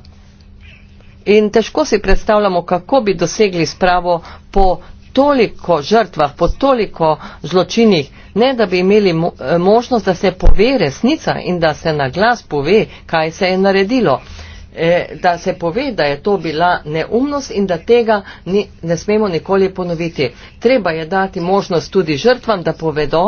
A: In težko si predstavljamo, kako bi dosegli spravo po toliko žrtvah, po toliko zločinih, ne da bi imeli eh, možnost, da se pove resnica in da se na glas pove, kaj se je naredilo. E, da se pove, da je to bila neumnost in da tega ni, ne smemo nikoli ponoviti. Treba je dati možnost tudi žrtvam, da povedo,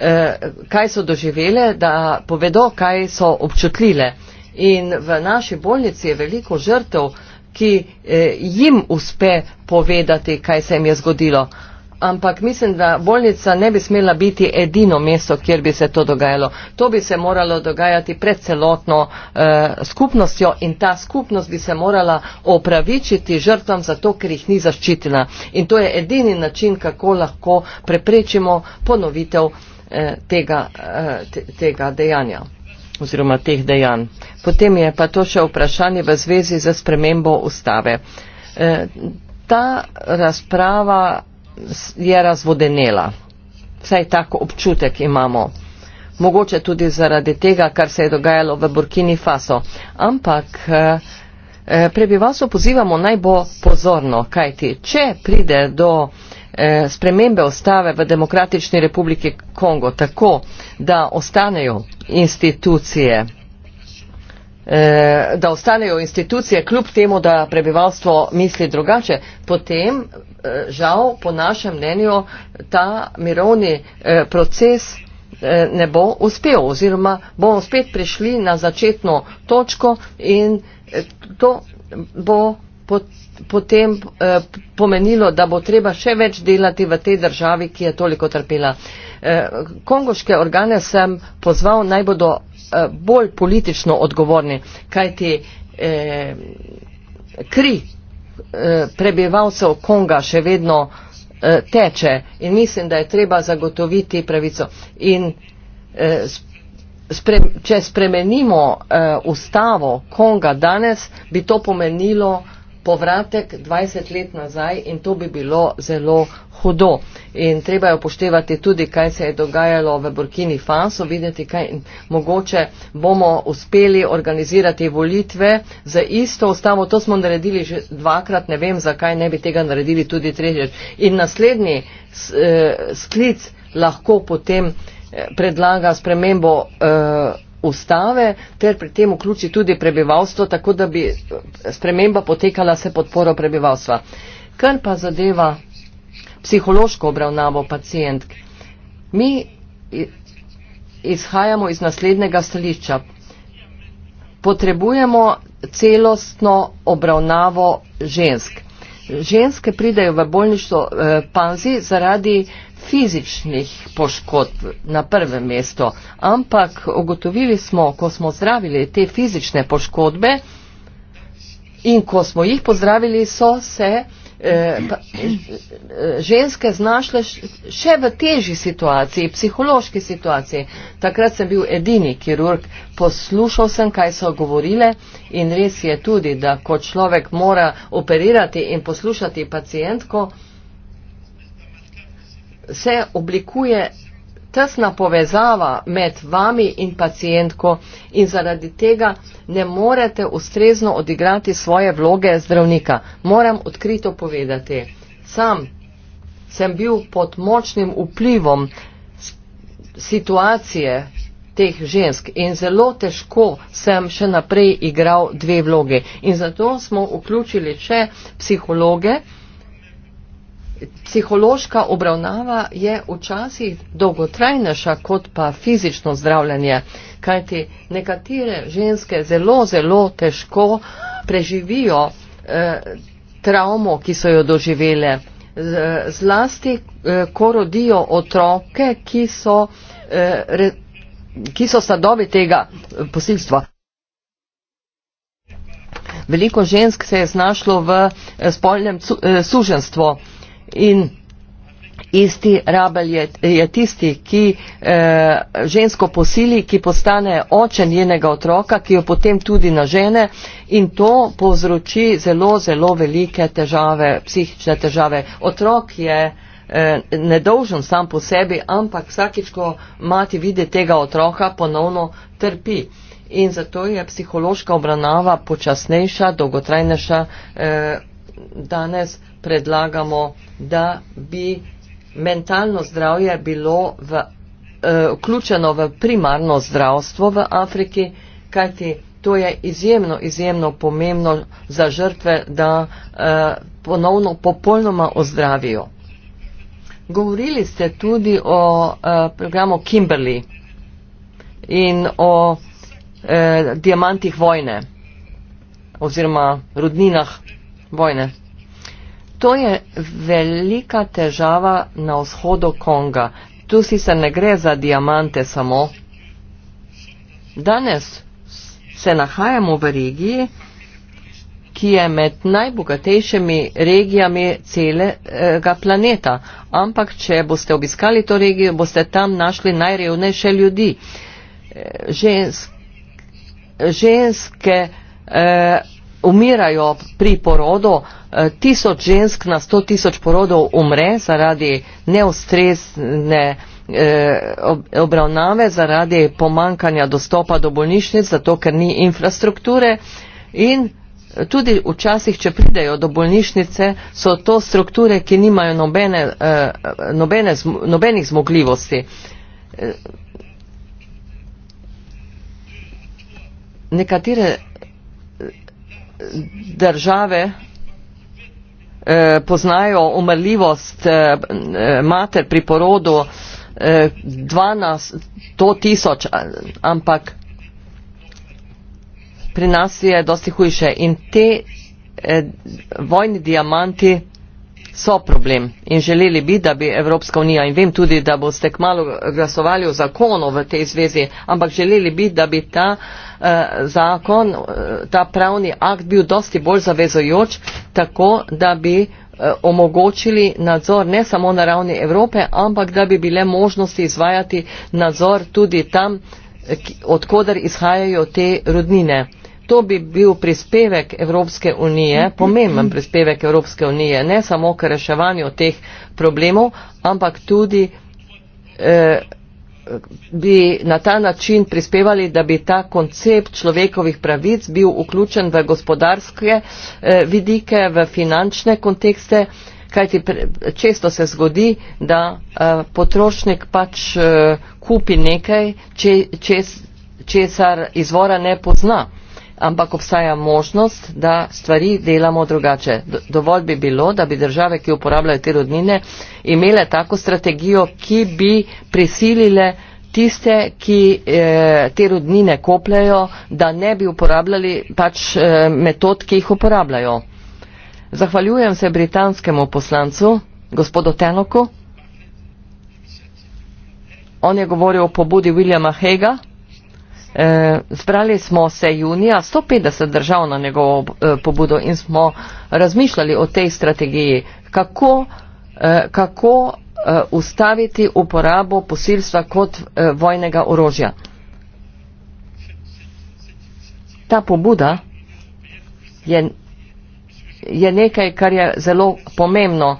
A: e, kaj so doživele, da povedo, kaj so občutljile. In v naši bolnici je veliko žrtev ki eh, jim uspe povedati, kaj se jim je zgodilo. Ampak mislim, da bolnica ne bi smela biti edino mesto, kjer bi se to dogajalo. To bi se moralo dogajati pred celotno eh, skupnostjo in ta skupnost bi se morala opravičiti žrtvam za to, ker jih ni zaščitila. In to je edini način, kako lahko preprečimo ponovitev eh, tega, eh, tega dejanja oziroma teh dejanj. Potem je pa to še vprašanje v zvezi za spremembo ustave. E, ta razprava je razvodenela. Vsaj tako občutek imamo. Mogoče tudi zaradi tega, kar se je dogajalo v Burkini Faso. Ampak e, e prebivalstvo pozivamo naj bo pozorno, kajti če pride do Eh, spremembe ustave v Demokratični republiki Kongo tako, da ostanejo institucije eh, da ostanejo institucije kljub temu, da prebivalstvo misli drugače, potem eh, žal po našem mnenju ta mirovni proces ne bo uspel oziroma bomo spet prišli na začetno točko in to bo potrebno potem eh, pomenilo, da bo treba še več delati v tej državi, ki je toliko trpela. Eh, kongoške organe sem pozval naj bodo eh, bolj politično odgovorni, kajti eh, kri eh, prebivalcev Konga še vedno eh, teče in mislim, da je treba zagotoviti pravico. In, eh, Sprem, če spremenimo uh, ustavo Konga danes, bi to pomenilo uh, povratek 20 let nazaj in to bi bilo zelo hudo. In treba je upoštevati tudi, kaj se je dogajalo v Burkini Faso, videti, kaj mogoče bomo uspeli organizirati volitve za isto ustavo. To smo naredili že dvakrat, ne vem, zakaj ne bi tega naredili tudi tretjič. In naslednji eh, sklic lahko potem eh, predlaga spremembo. Uh, ustave ter pri tem vključi tudi prebivalstvo, tako da bi sprememba potekala se podporo prebivalstva. Kar pa zadeva psihološko obravnavo pacijentk, mi izhajamo iz naslednjega stališča. Potrebujemo celostno obravnavo žensk ženske pridejo v bolnišnico eh, panzi zaradi fizičnih poškodb na prvem mestu, ampak ugotovili smo, ko smo zdravili te fizične poškodbe in ko smo jih pozdravili, so se uh, Eh, pa, eh, ženske znašle še v težji situaciji, psihološki situaciji. Takrat sem bil edini kirurg, poslušal sem, kaj so govorile in res je tudi, da ko človek mora operirati in poslušati pacijentko, se oblikuje tesna povezava med vami in pacijentko in zaradi tega ne morete ustrezno odigrati svoje vloge zdravnika. Moram odkrito povedati, sam sem bil pod močnim vplivom situacije teh žensk in zelo težko sem še naprej igral dve vloge. In zato smo vključili še psihologe, psihološka obravnava je včasih dolgotrajnejša kot pa fizično zdravljanje, kajti nekatere ženske zelo, zelo težko preživijo eh, travmo, ki so jo doživele. Z, zlasti, eh, ko rodijo otroke, ki so, eh, re, ki so sadovi tega eh, posilstva. Veliko žensk se je znašlo v eh, spolnem su, eh, suženstvu in isti rabel je, je tisti, ki e, žensko posili, ki postane oče njenega otroka, ki jo potem tudi nažene in to povzroči zelo, zelo velike težave, psihične težave. Otrok je eh, nedolžen sam po sebi, ampak vsakičko mati vide tega otroka ponovno trpi. In zato je psihološka obravnava počasnejša, dolgotrajnejša, eh, danes predlagamo, da bi mentalno zdravje bilo v, eh, vključeno v primarno zdravstvo v Afriki, kajti to je izjemno, izjemno pomembno za žrtve, da eh, ponovno popolnoma ozdravijo. Govorili ste tudi o eh, programu Kimberley in o eh, diamantih vojne oziroma rodninah vojne. To je velika težava na vzhodu Konga. Tu si se ne gre za diamante samo. Danes se nahajamo v regiji, ki je med najbogatejšimi regijami celega planeta. Ampak, če boste obiskali to regijo, boste tam našli najrevnejše ljudi. Eh, žensk, ženske eh, umirajo pri porodu, eh, tisoč žensk na sto tisoč porodov umre zaradi neustrezne eh, obravnave, zaradi pomankanja dostopa do bolnišnic, zato ker ni infrastrukture in tudi včasih, če pridejo do bolnišnice, so to strukture, ki nimajo nobene, eh, nobene, nobenih zmogljivosti. Nekatere države eh, poznajo umrljivost eh, eh, mater pri porodu 12 tisoč, ampak pri nas je dosti hujše. In te vojni diamanti so problem in želeli bi, da bi Evropska unija in vem tudi, da boste kmalo glasovali o zakonu v tej zvezi, ampak želeli bi, da bi ta eh, zakon, eh, ta pravni akt bil dosti bolj zavezojoč, tako da bi eh, omogočili nadzor ne samo na ravni Evrope, ampak da bi bile možnosti izvajati nadzor tudi tam, odkudar izhajajo te rodnine to bi bil prispevek Evropske unije, pomemben prispevek Evropske unije, ne samo k reševanju teh problemov, ampak tudi eh, bi na ta način prispevali, da bi ta koncept človekovih pravic bil vključen v gospodarske eh, vidike, v finančne kontekste, kajti pre, često se zgodi, da eh, potrošnik pač eh, kupi nekaj, če, če, česar izvora ne pozna ampak obstaja možnost, da stvari delamo drugače. Dovolj bi bilo, da bi države, ki uporabljajo te rodnine, imele tako strategijo, ki bi prisilile tiste, ki eh, te rodnine kopljajo, da ne bi uporabljali pač eh, metod, ki jih uporabljajo. Zahvaljujem se britanskemu poslancu, gospodu Tenoku. On je govoril o pobudi Williama Hega. Eh, zbrali smo se junija 150 držav na njegovo eh, pobudo in smo razmišljali o tej strategiji, kako, eh, kako ustaviti uporabo posilstva kot vojnega orožja. Ta pobuda je, je nekaj, kar je zelo pomembno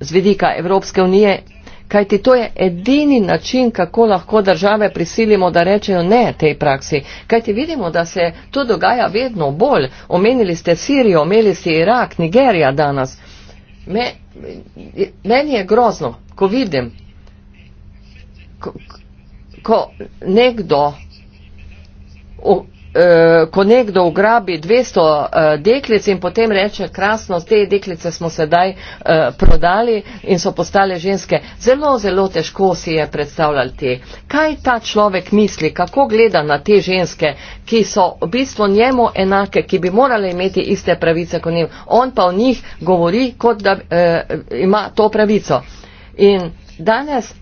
A: z vidika Evropske unije kajti to je edini način, kako lahko države prisilimo, da rečejo ne tej praksi. Kajti vidimo, da se to dogaja vedno bolj. Omenili ste Sirijo, omenili ste Irak, Nigerija danes. Me, meni je grozno, ko vidim, ko, ko nekdo. O, Eh, ko nekdo ugrabi 200 eh, deklic in potem reče, krasno, te deklice smo sedaj eh, prodali in so postale ženske. Zelo, zelo težko si je predstavljati te. Kaj ta človek misli, kako gleda na te ženske, ki so v bistvu njemu enake, ki bi morale imeti iste pravice kot njim. On pa v njih govori, kot da eh, ima to pravico. In danes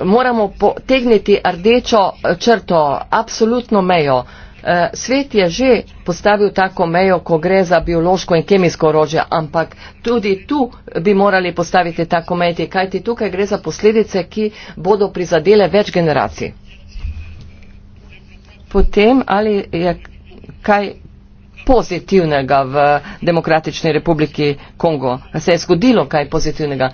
A: moramo potegniti rdečo črto, absolutno mejo. Eh, svet je že postavil tako mejo, ko gre za biološko in kemijsko orožje, ampak tudi tu bi morali postaviti tako mejo, kajti tukaj gre za posledice, ki bodo prizadele več generacij. Potem, ali je kaj pozitivnega v Demokratični republiki Kongo? Se je zgodilo kaj pozitivnega?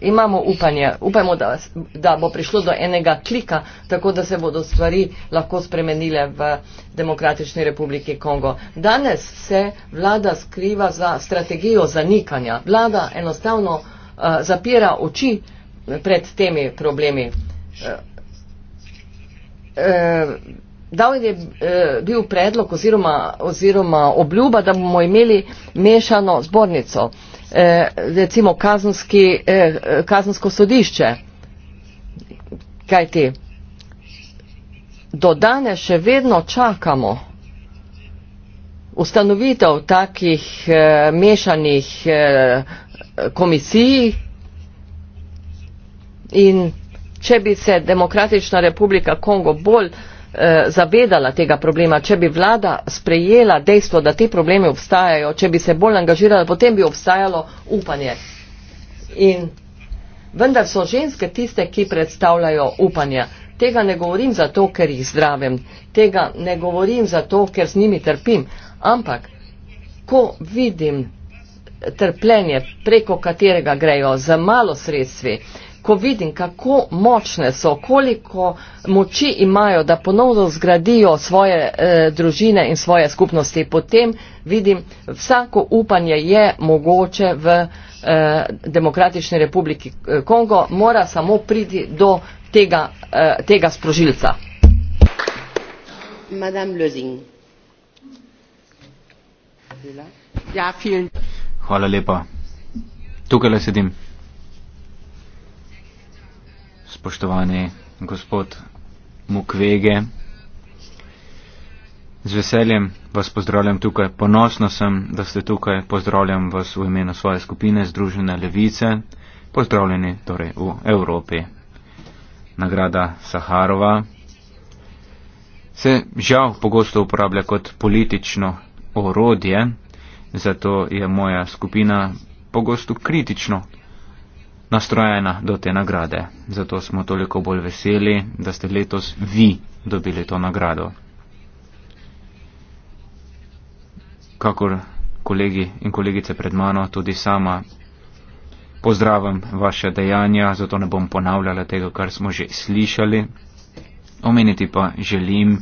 A: imamo upanje, upajmo, da, da bo prišlo do enega klika, tako da se bodo stvari lahko spremenile v Demokratični republiki Kongo. Danes se vlada skriva za strategijo zanikanja. Vlada enostavno uh, zapira oči pred temi problemi. Uh, dal je uh, bil predlog oziroma, oziroma obljuba, da bomo imeli mešano zbornico. Uh, Eh, recimo kazenski, eh, kazensko sodišče. Kaj ti? Do danes še vedno čakamo ustanovitev takih eh, mešanih komisij in če bi se Demokratična republika Kongo bolj Eh, zavedala tega problema, če bi vlada sprejela dejstvo, da te probleme obstajajo, če bi se bolj angažirala, potem bi obstajalo upanje. In vendar so ženske tiste, ki predstavljajo upanje. Tega ne govorim zato, ker jih zdravim, tega ne govorim zato, ker z njimi trpim, ampak ko vidim trpljenje, preko katerega grejo z malo sredstvi, ko vidim, kako močne so, koliko moči imajo, da ponovno zgradijo svoje eh, družine in svoje skupnosti, potem vidim, vsako upanje je mogoče v eh, Demokratični republiki eh, Kongo, mora samo priti do tega, eh, tega sprožilca. Ja,
C: Hvala lepa. Tukaj le sedim spoštovani gospod Mukwege. Z veseljem vas pozdravljam tukaj, ponosno sem, da ste tukaj, pozdravljam vas v imenu svoje skupine Združene levice, pozdravljeni torej v Evropi. Nagrada Saharova se žal pogosto uporablja kot politično orodje, zato je moja skupina pogosto kritično nastrojena do te nagrade. Zato smo toliko bolj veseli, da ste letos vi dobili to nagrado. Kakor kolegi in kolegice pred mano, tudi sama pozdravim vaše dejanja, zato ne bom ponavljala tega, kar smo že slišali. Omeniti pa želim,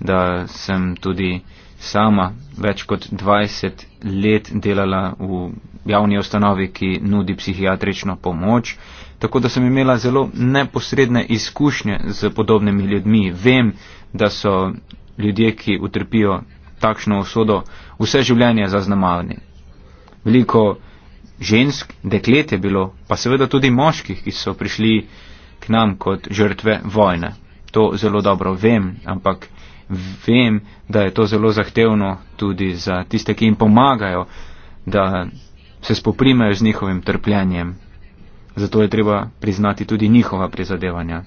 C: da sem tudi sama več kot 20 let delala v javni ustanovi, ki nudi psihiatrično pomoč, tako da sem imela zelo neposredne izkušnje z podobnimi ljudmi. Vem, da so ljudje, ki utrpijo takšno usodo, vse življenje zaznamavni. Veliko žensk, deklet je bilo, pa seveda tudi moških, ki so prišli k nam kot žrtve vojne. To zelo dobro vem, ampak vem, da je to zelo zahtevno tudi za tiste, ki jim pomagajo, da se spoprimejo z njihovim trpljenjem. Zato je treba priznati tudi njihova prizadevanja.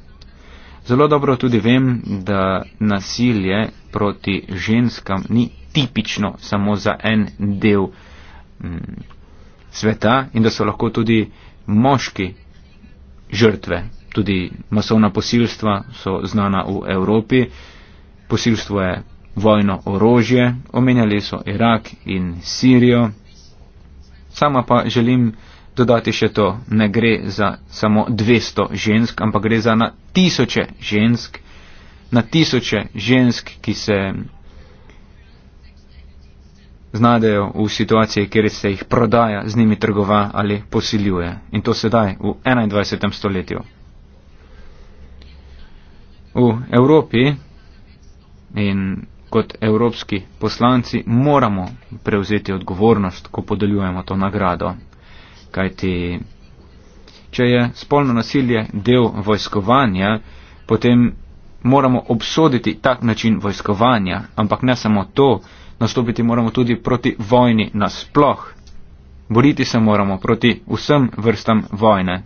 C: Zelo dobro tudi vem, da nasilje proti ženskam ni tipično samo za en del mm, sveta in da so lahko tudi moški žrtve. Tudi masovna posilstva so znana v Evropi, posilstvo je vojno orožje, omenjali so Irak in Sirijo. Sama pa želim dodati še to, ne gre za samo 200 žensk, ampak gre za na tisoče žensk, na tisoče žensk, ki se znajdejo v situaciji, kjer se jih prodaja, z njimi trgova ali posiljuje. In to sedaj, v 21. stoletju. V Evropi in kot evropski poslanci moramo prevzeti odgovornost, ko podeljujemo to nagrado. Kajti, če je spolno nasilje del vojskovanja, potem moramo obsoditi tak način vojskovanja, ampak ne samo to, nastopiti moramo tudi proti vojni nasploh. Boriti se moramo proti vsem vrstam vojne.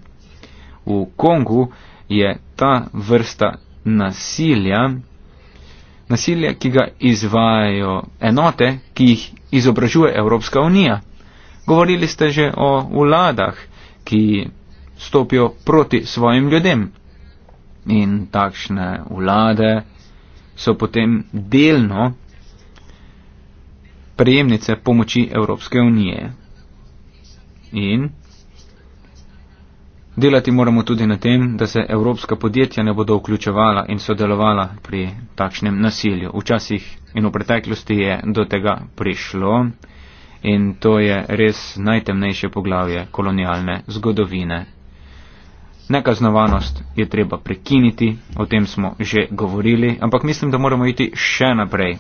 C: V Kongu je ta vrsta nasilja, nasilje, ki ga izvajajo enote, ki jih izobražuje Evropska unija. Govorili ste že o vladah, ki stopijo proti svojim ljudem. In takšne vlade so potem delno prejemnice pomoči Evropske unije. In Delati moramo tudi na tem, da se evropska podjetja ne bodo vključevala in sodelovala pri takšnem nasilju. Včasih in v preteklosti je do tega prišlo in to je res najtemnejše poglavje kolonialne zgodovine. Nekaznovanost je treba prekiniti, o tem smo že govorili, ampak mislim, da moramo iti še naprej.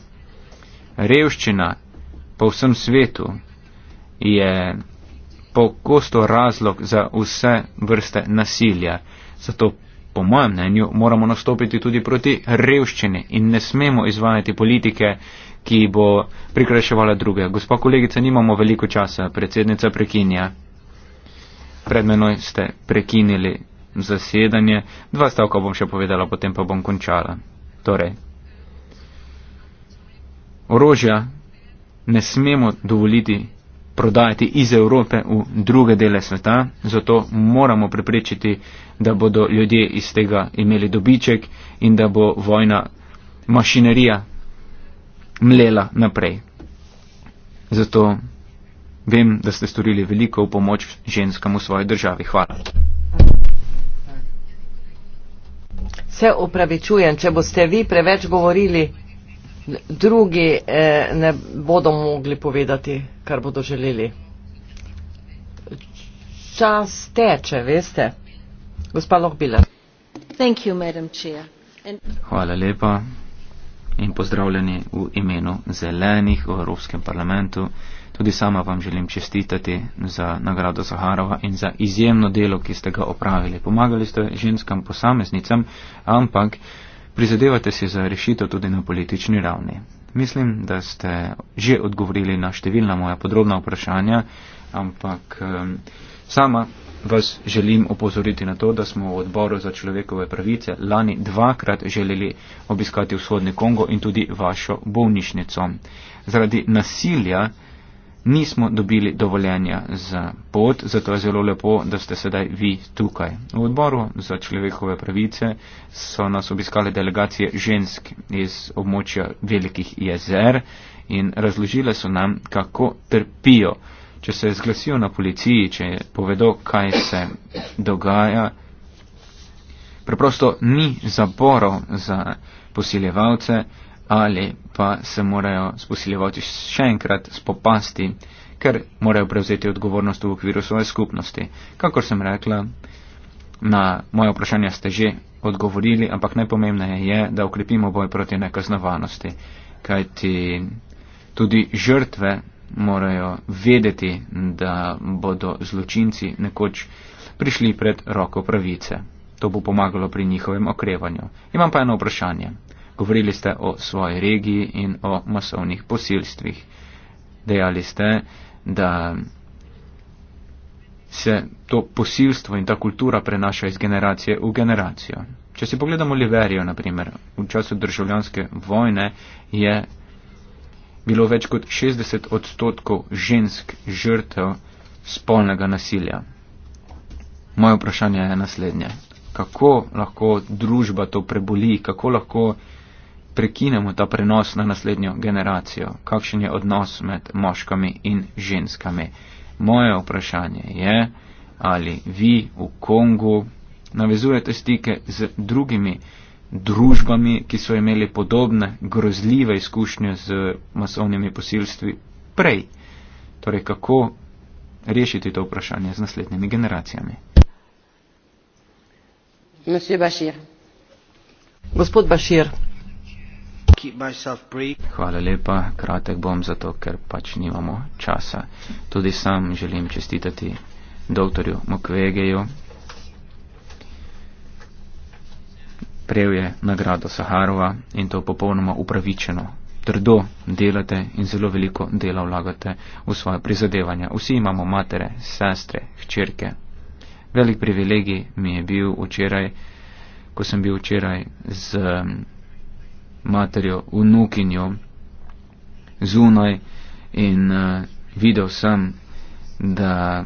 C: Revščina po vsem svetu je pogosto razlog za vse vrste nasilja. Zato, po mojem mnenju, moramo nastopiti tudi proti revščini in ne smemo izvajati politike, ki bo prikrajševala druge. Gospa kolegica, nimamo veliko časa, predsednica prekinja. Pred menoj ste prekinili zasedanje. Dva stavka bom še povedala, potem pa bom končala. Torej, orožja ne smemo dovoliti prodajati iz Evrope v druge dele sveta, zato moramo preprečiti, da bodo ljudje iz tega imeli dobiček in da bo vojna mašinerija mlela naprej. Zato vem, da ste storili veliko v pomoč ženskam v svoji državi. Hvala.
A: Se opravičujem, če boste vi preveč govorili drugi eh, ne bodo mogli povedati, kar bodo želeli. Čas teče, veste. Gospa Lohbila.
C: Hvala lepa in pozdravljeni v imenu zelenih v Evropskem parlamentu. Tudi sama vam želim čestitati za nagrado Zaharova in za izjemno delo, ki ste ga opravili. Pomagali ste ženskam posameznicam, ampak prizadevate si za rešitev tudi na politični ravni. Mislim, da ste že odgovorili na številna moja podrobna vprašanja, ampak sama vas želim opozoriti na to, da smo v odboru za človekove pravice lani dvakrat želeli obiskati vzhodni Kongo in tudi vašo bolnišnico. Zaradi nasilja nismo dobili dovoljenja za pot, zato je zelo lepo, da ste sedaj vi tukaj. V odboru za človekove pravice so nas obiskale delegacije žensk iz območja velikih jezer in razložile so nam, kako trpijo. Če se zglasijo na policiji, če povedo, kaj se dogaja, preprosto ni zaporov za posiljevalce ali pa se morajo s posiljevalci še enkrat spopasti, ker morajo prevzeti odgovornost v okviru svoje skupnosti. Kakor sem rekla, na moje vprašanja ste že odgovorili, ampak najpomembneje je, da ukrepimo boj proti nekaznovanosti, kajti tudi žrtve morajo vedeti, da bodo zločinci nekoč prišli pred roko pravice. To bo pomagalo pri njihovem okrevanju. Imam pa eno vprašanje. Govorili ste o svoji regiji in o masovnih posilstvih. Dejali ste, da se to posilstvo in ta kultura prenaša iz generacije v generacijo. Če si pogledamo Liverijo, na primer, v času državljanske vojne je bilo več kot 60 odstotkov žensk žrtev spolnega nasilja. Moje vprašanje je naslednje. Kako lahko družba to preboli, kako lahko prekinemo ta prenos na naslednjo generacijo? Kakšen je odnos med moškami in ženskami? Moje vprašanje je, ali vi v Kongu navezujete stike z drugimi družbami, ki so imeli podobne grozljive izkušnje z masovnimi posilstvi prej. Torej, kako rešiti to vprašanje z naslednjimi generacijami?
A: Gospod Bašir. Hvala
C: lepa, kratek bom zato, ker pač nimamo časa. Tudi sam želim čestitati dr. Mukwegeju. Prejel je nagrado Saharova in to popolnoma upravičeno. Trdo delate in zelo veliko dela vlagate v svoje prizadevanja. Vsi imamo matere, sestre, hčerke. Velik privilegij mi je bil včeraj, ko sem bil včeraj z materjo, vnukinjo zunaj in uh, videl sem, da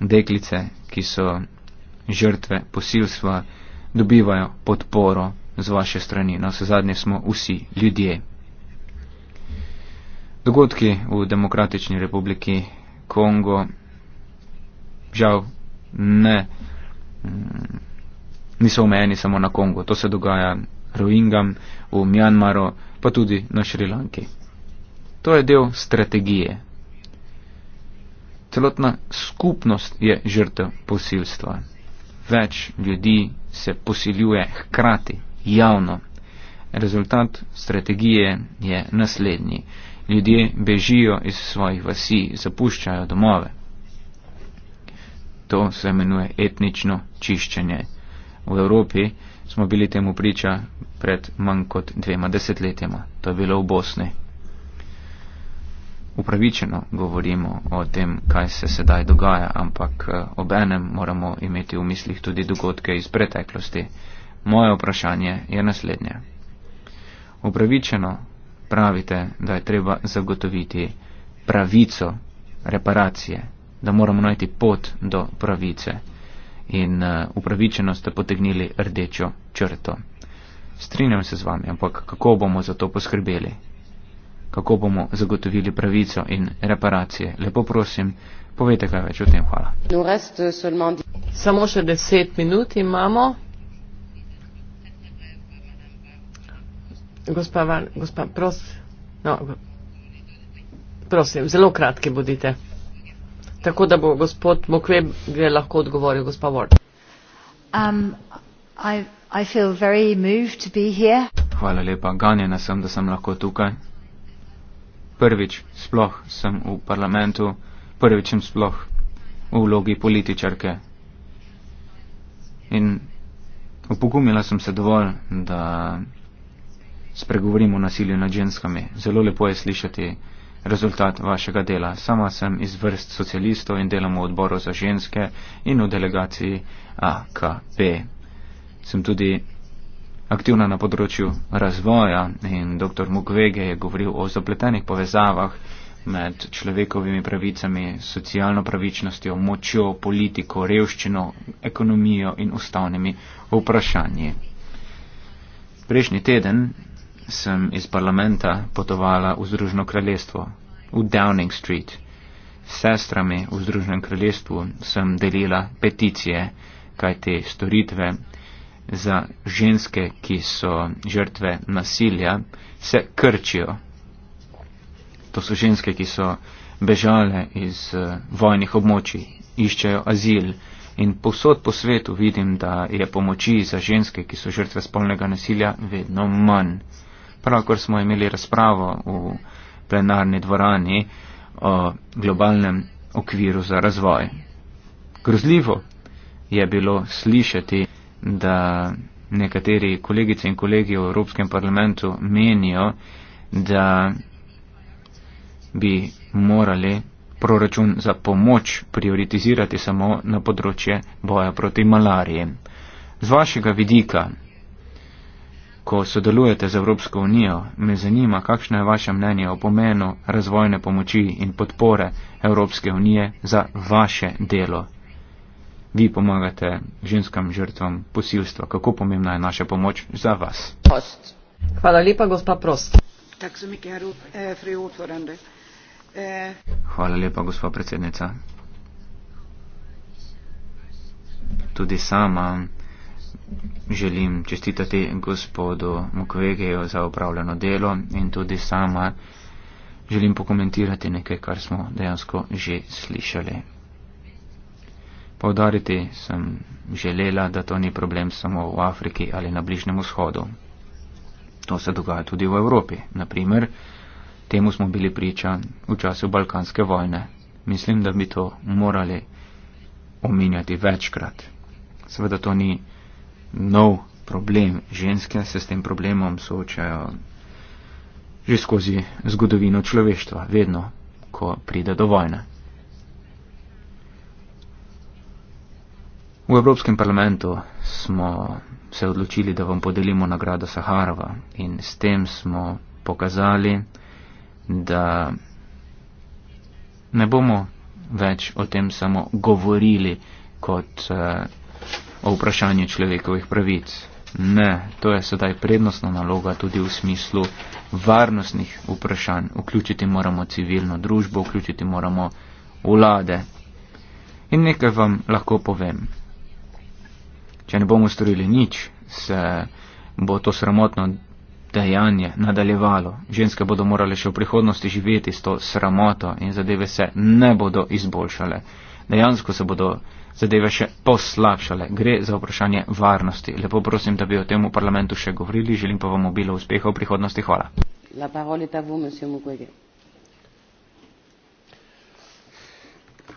C: deklice, ki so žrtve posilstva, dobivajo podporo z vaše strani. Na vse zadnje smo vsi ljudje. Dogodki v Demokratični republiki Kongo žal ne. Mm, niso omejeni samo na Kongo. To se dogaja Rohingam, v Mjanmaru, pa tudi na Šrilanki. To je del strategije. Celotna skupnost je žrtev posilstva. Več ljudi se posiljuje hkrati, javno. Rezultat strategije je naslednji. Ljudje bežijo iz svojih vasi, zapuščajo domove. To se imenuje etnično čiščenje, v Evropi smo bili temu priča pred manj kot dvema desetletjema. To je bilo v Bosni. Upravičeno govorimo o tem, kaj se sedaj dogaja, ampak eh, ob enem moramo imeti v mislih tudi dogodke iz preteklosti. Moje vprašanje je naslednje. Upravičeno pravite, da je treba zagotoviti pravico reparacije, da moramo najti pot do pravice in uh, upravičeno ste potegnili rdečo črto. Strinjam se z vami, ampak kako bomo za to poskrbeli? Kako bomo zagotovili pravico in reparacije? Lepo prosim, povejte kaj več o tem. Hvala.
A: Samo še deset minut imamo. Gospa, gospa prosim. No, prosim, zelo kratki bodite tako da bo gospod Mokveb gre lahko odgovoril, gospa Ward.
C: Um, I, I feel very moved to be here. Hvala lepa, ganjena sem, da sem lahko tukaj. Prvič sploh sem v parlamentu, prvič sem sploh v vlogi političarke. In opogumila sem se dovolj, da spregovorim o nasilju nad ženskami. Zelo lepo je slišati rezultat vašega dela. Sama sem iz vrst socialistov in delam v odboru za ženske in v delegaciji AKP. Sem tudi aktivna na področju razvoja in dr. Mukwege je govoril o zapletenih povezavah med človekovimi pravicami, socialno pravičnostjo, močjo, politiko, revščino, ekonomijo in ustavnimi vprašanji. Prejšnji teden sem iz parlamenta potovala v Združeno kraljestvo, v Downing Street. S sestrami v Združenem kraljestvu sem delila peticije, kaj te storitve za ženske, ki so žrtve nasilja, se krčijo. To so ženske, ki so bežale iz eh, vojnih območij, iščejo azil in povsod po svetu vidim, da je pomoči za ženske, ki so žrtve spolnega nasilja, vedno manj pravkar smo imeli razpravo v plenarni dvorani o globalnem okviru za razvoj. Grozljivo je bilo slišati, da nekateri kolegice in kolegi v Evropskem parlamentu menijo, da bi morali proračun za pomoč prioritizirati samo na področje boja proti malariji. Z vašega vidika ko sodelujete z Evropsko unijo, me zanima, kakšno je vaše mnenje o pomenu razvojne pomoči in podpore Evropske unije za vaše delo. Vi pomagate ženskam žrtvam posilstva. Kako pomembna je naša pomoč za vas?
A: Post. Hvala lepa, gospa Prost. Eh, eh.
C: Hvala lepa, gospa predsednica. Tudi sama. Želim čestitati gospodu Mukvegeju za upravljeno delo in tudi sama želim pokomentirati nekaj, kar smo dejansko že slišali. Povdariti sem želela, da to ni problem samo v Afriki ali na Bližnem vzhodu. To se dogaja tudi v Evropi. Naprimer, temu smo bili priča v času Balkanske vojne. Mislim, da bi to morali omenjati večkrat. Seveda to ni nov problem. Ženske se s tem problemom soočajo že skozi zgodovino človeštva, vedno, ko pride do vojne. V Evropskem parlamentu smo se odločili, da vam podelimo nagrado Saharova in s tem smo pokazali, da ne bomo več o tem samo govorili kot eh, o vprašanju človekovih pravic. Ne, to je sedaj prednostna naloga tudi v smislu varnostnih vprašanj. Vključiti moramo civilno družbo, vključiti moramo vlade. In nekaj vam lahko povem. Če ne bomo storili nič, se bo to sramotno dejanje nadaljevalo. Ženske bodo morale še v prihodnosti živeti s to sramoto in zadeve se ne bodo izboljšale. Dejansko se bodo zadeve še poslabšale. Gre za vprašanje varnosti. Lepo prosim, da bi o tem v parlamentu še govorili. Želim pa vam obilo uspeha v prihodnosti. Hvala.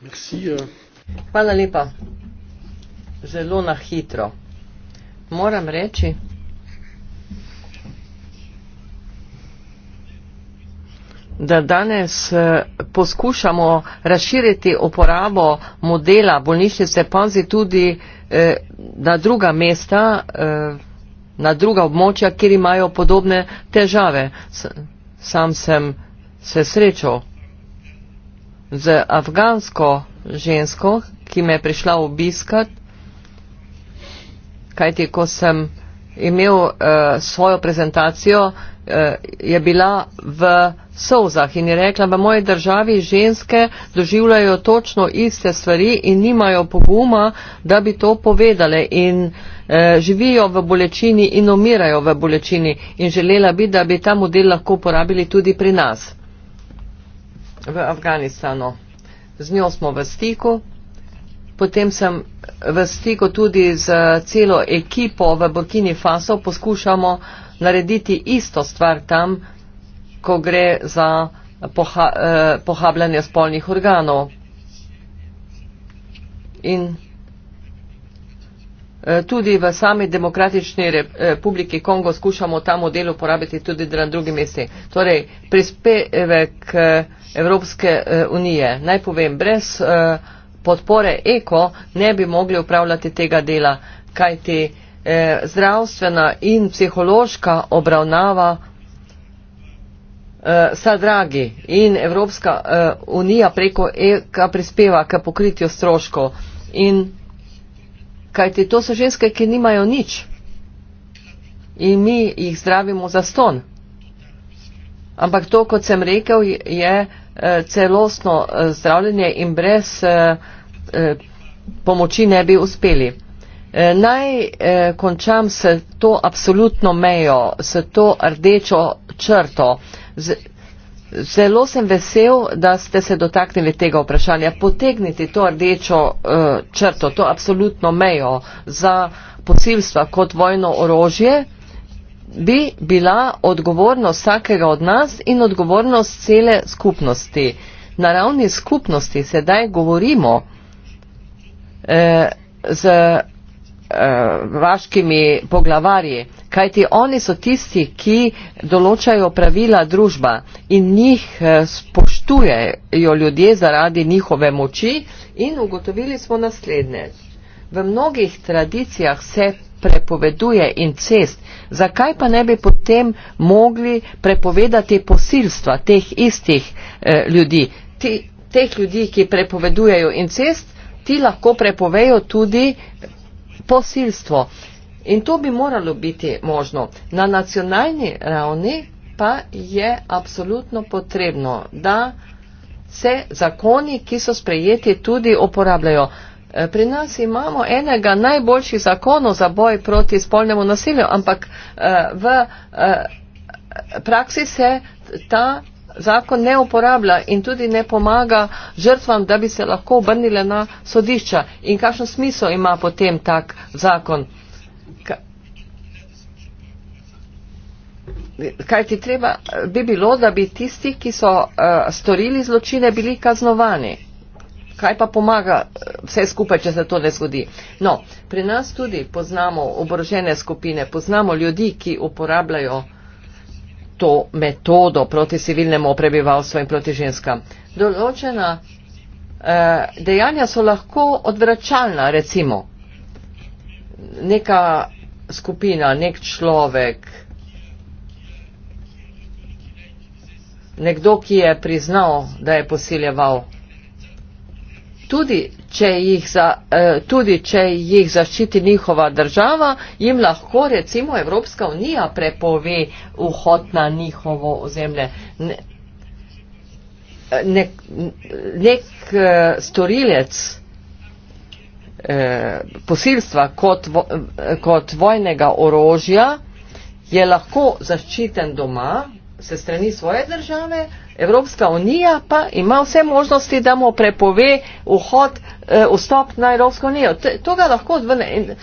A: Euh. Hvala lepa. Zelo na hitro. Moram reči, da danes eh, poskušamo razširiti uporabo modela bolnišnice Panzi tudi eh, na druga mesta, eh, na druga območja, kjer imajo podobne težave. Sam sem se srečal z afgansko žensko, ki me je prišla obiskati, kajti ko sem imel uh, svojo prezentacijo, uh, je bila v solzah in je rekla, v moji državi ženske doživljajo točno iste stvari in nimajo poguma, da bi to povedale in uh, živijo v bolečini in umirajo v bolečini in želela bi, da bi ta model lahko uporabili tudi pri nas v Afganistanu. Z njo smo v stiku, potem sem v stiku tudi z celo ekipo v Burkini Faso, poskušamo narediti isto stvar tam, ko gre za poha, eh, pohabljanje spolnih organov. In eh, tudi v sami demokratični eh, republiki Kongo skušamo ta model uporabiti tudi na drugi mesti. Torej, prispevek eh, Evropske eh, unije. Naj povem, brez. Eh, podpore eko ne bi mogli upravljati tega dela, kajti eh, zdravstvena in psihološka obravnava eh, sa dragi in Evropska eh, unija preko eka prispeva k pokritju stroškov in kajti to so ženske, ki nimajo nič in mi jih zdravimo za ston. Ampak to, kot sem rekel, je eh, celostno eh, zdravljenje in brez eh, Eh, pomoči ne bi uspeli. Eh, naj eh, končam se to absolutno mejo, se to rdečo črto. Zelo sem vesel, da ste se dotaknili tega vprašanja. Potegniti to rdečo črto, to absolutno mejo za posilstva kot vojno orožje bi bila odgovornost vsakega od nas in odgovornost cele skupnosti. Na ravni skupnosti sedaj govorimo, Eh, z eh, vaškimi poglavarji, kajti oni so tisti, ki določajo pravila družba in njih eh, spoštujejo ljudje zaradi njihove moči in ugotovili smo naslednje. V mnogih tradicijah se prepoveduje incest, zakaj pa ne bi potem mogli prepovedati posilstva teh istih eh, ljudi, Ti, teh ljudi, ki prepovedujejo incest, ti lahko prepovejo tudi posilstvo. In to bi moralo biti možno. Na nacionalni ravni pa je apsolutno potrebno, da se zakoni, ki so sprejeti, tudi uporabljajo. E, pri nas imamo enega najboljših zakonov za boj proti spolnemu nasilju, ampak e, v e, praksi se ta zakon ne uporablja in tudi ne pomaga žrtvam, da bi se lahko obrnile na sodišča. In kakšen smisel ima potem tak zakon? Kaj ti treba, eh, bi bilo, da bi tisti, ki so uh, storili zločine, bili kaznovani. Kaj pa pomaga eh, vse skupaj, če se to ne zgodi? No, pri nas tudi poznamo oborožene skupine, poznamo ljudi, ki uporabljajo uh, to metodo proti civilnemu prebivalstvu in proti ženskam. Določena eh, dejanja so lahko odvračalna, recimo neka skupina, nek človek, nekdo, ki je priznal, da je posiljeval. Tudi če jih za, eh, tudi če jih zaščiti njihova država, jim lahko recimo Evropska unija prepove vhod na njihovo ozemlje. Nek, nek eh, storilec eh, posilstva kot, kot vojnega orožja je lahko zaščiten doma se strani svoje države, Evropska unija pa ima vse možnosti, da mu prepove vhod, eh, vstop na Evropsko unijo. Toga lahko odvne in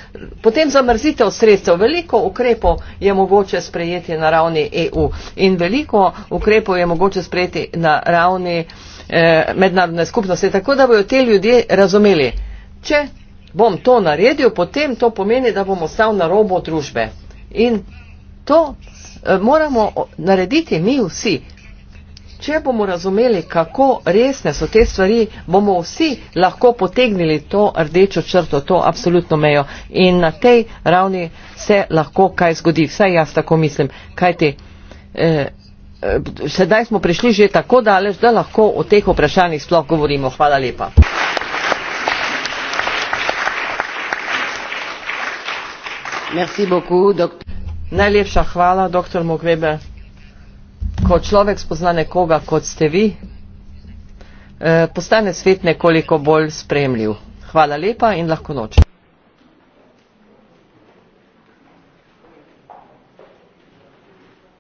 A: potem zamrzitev sredstev. Veliko ukrepov je mogoče sprejeti na ravni EU in veliko ukrepov je mogoče sprejeti na ravni eh, mednarodne skupnosti, tako da bojo te ljudje razumeli. Če bom to naredil, potem to pomeni, da bom ostal na robo družbe. In to eh, moramo narediti mi vsi če bomo razumeli, kako resne so te stvari, bomo vsi lahko potegnili to rdečo črto, to absolutno mejo. In na tej ravni se lahko kaj zgodi. Vsaj jaz tako mislim. Kajti, eh, sedaj smo prišli že tako daleč, da lahko o teh vprašanjih sploh govorimo. Hvala lepa. Merci beaucoup, doktor. Najlepša hvala, dr. Mogvebe ko človek spozna nekoga, kot ste vi, eh, postane svet nekoliko bolj spremljiv. Hvala lepa in lahko noč.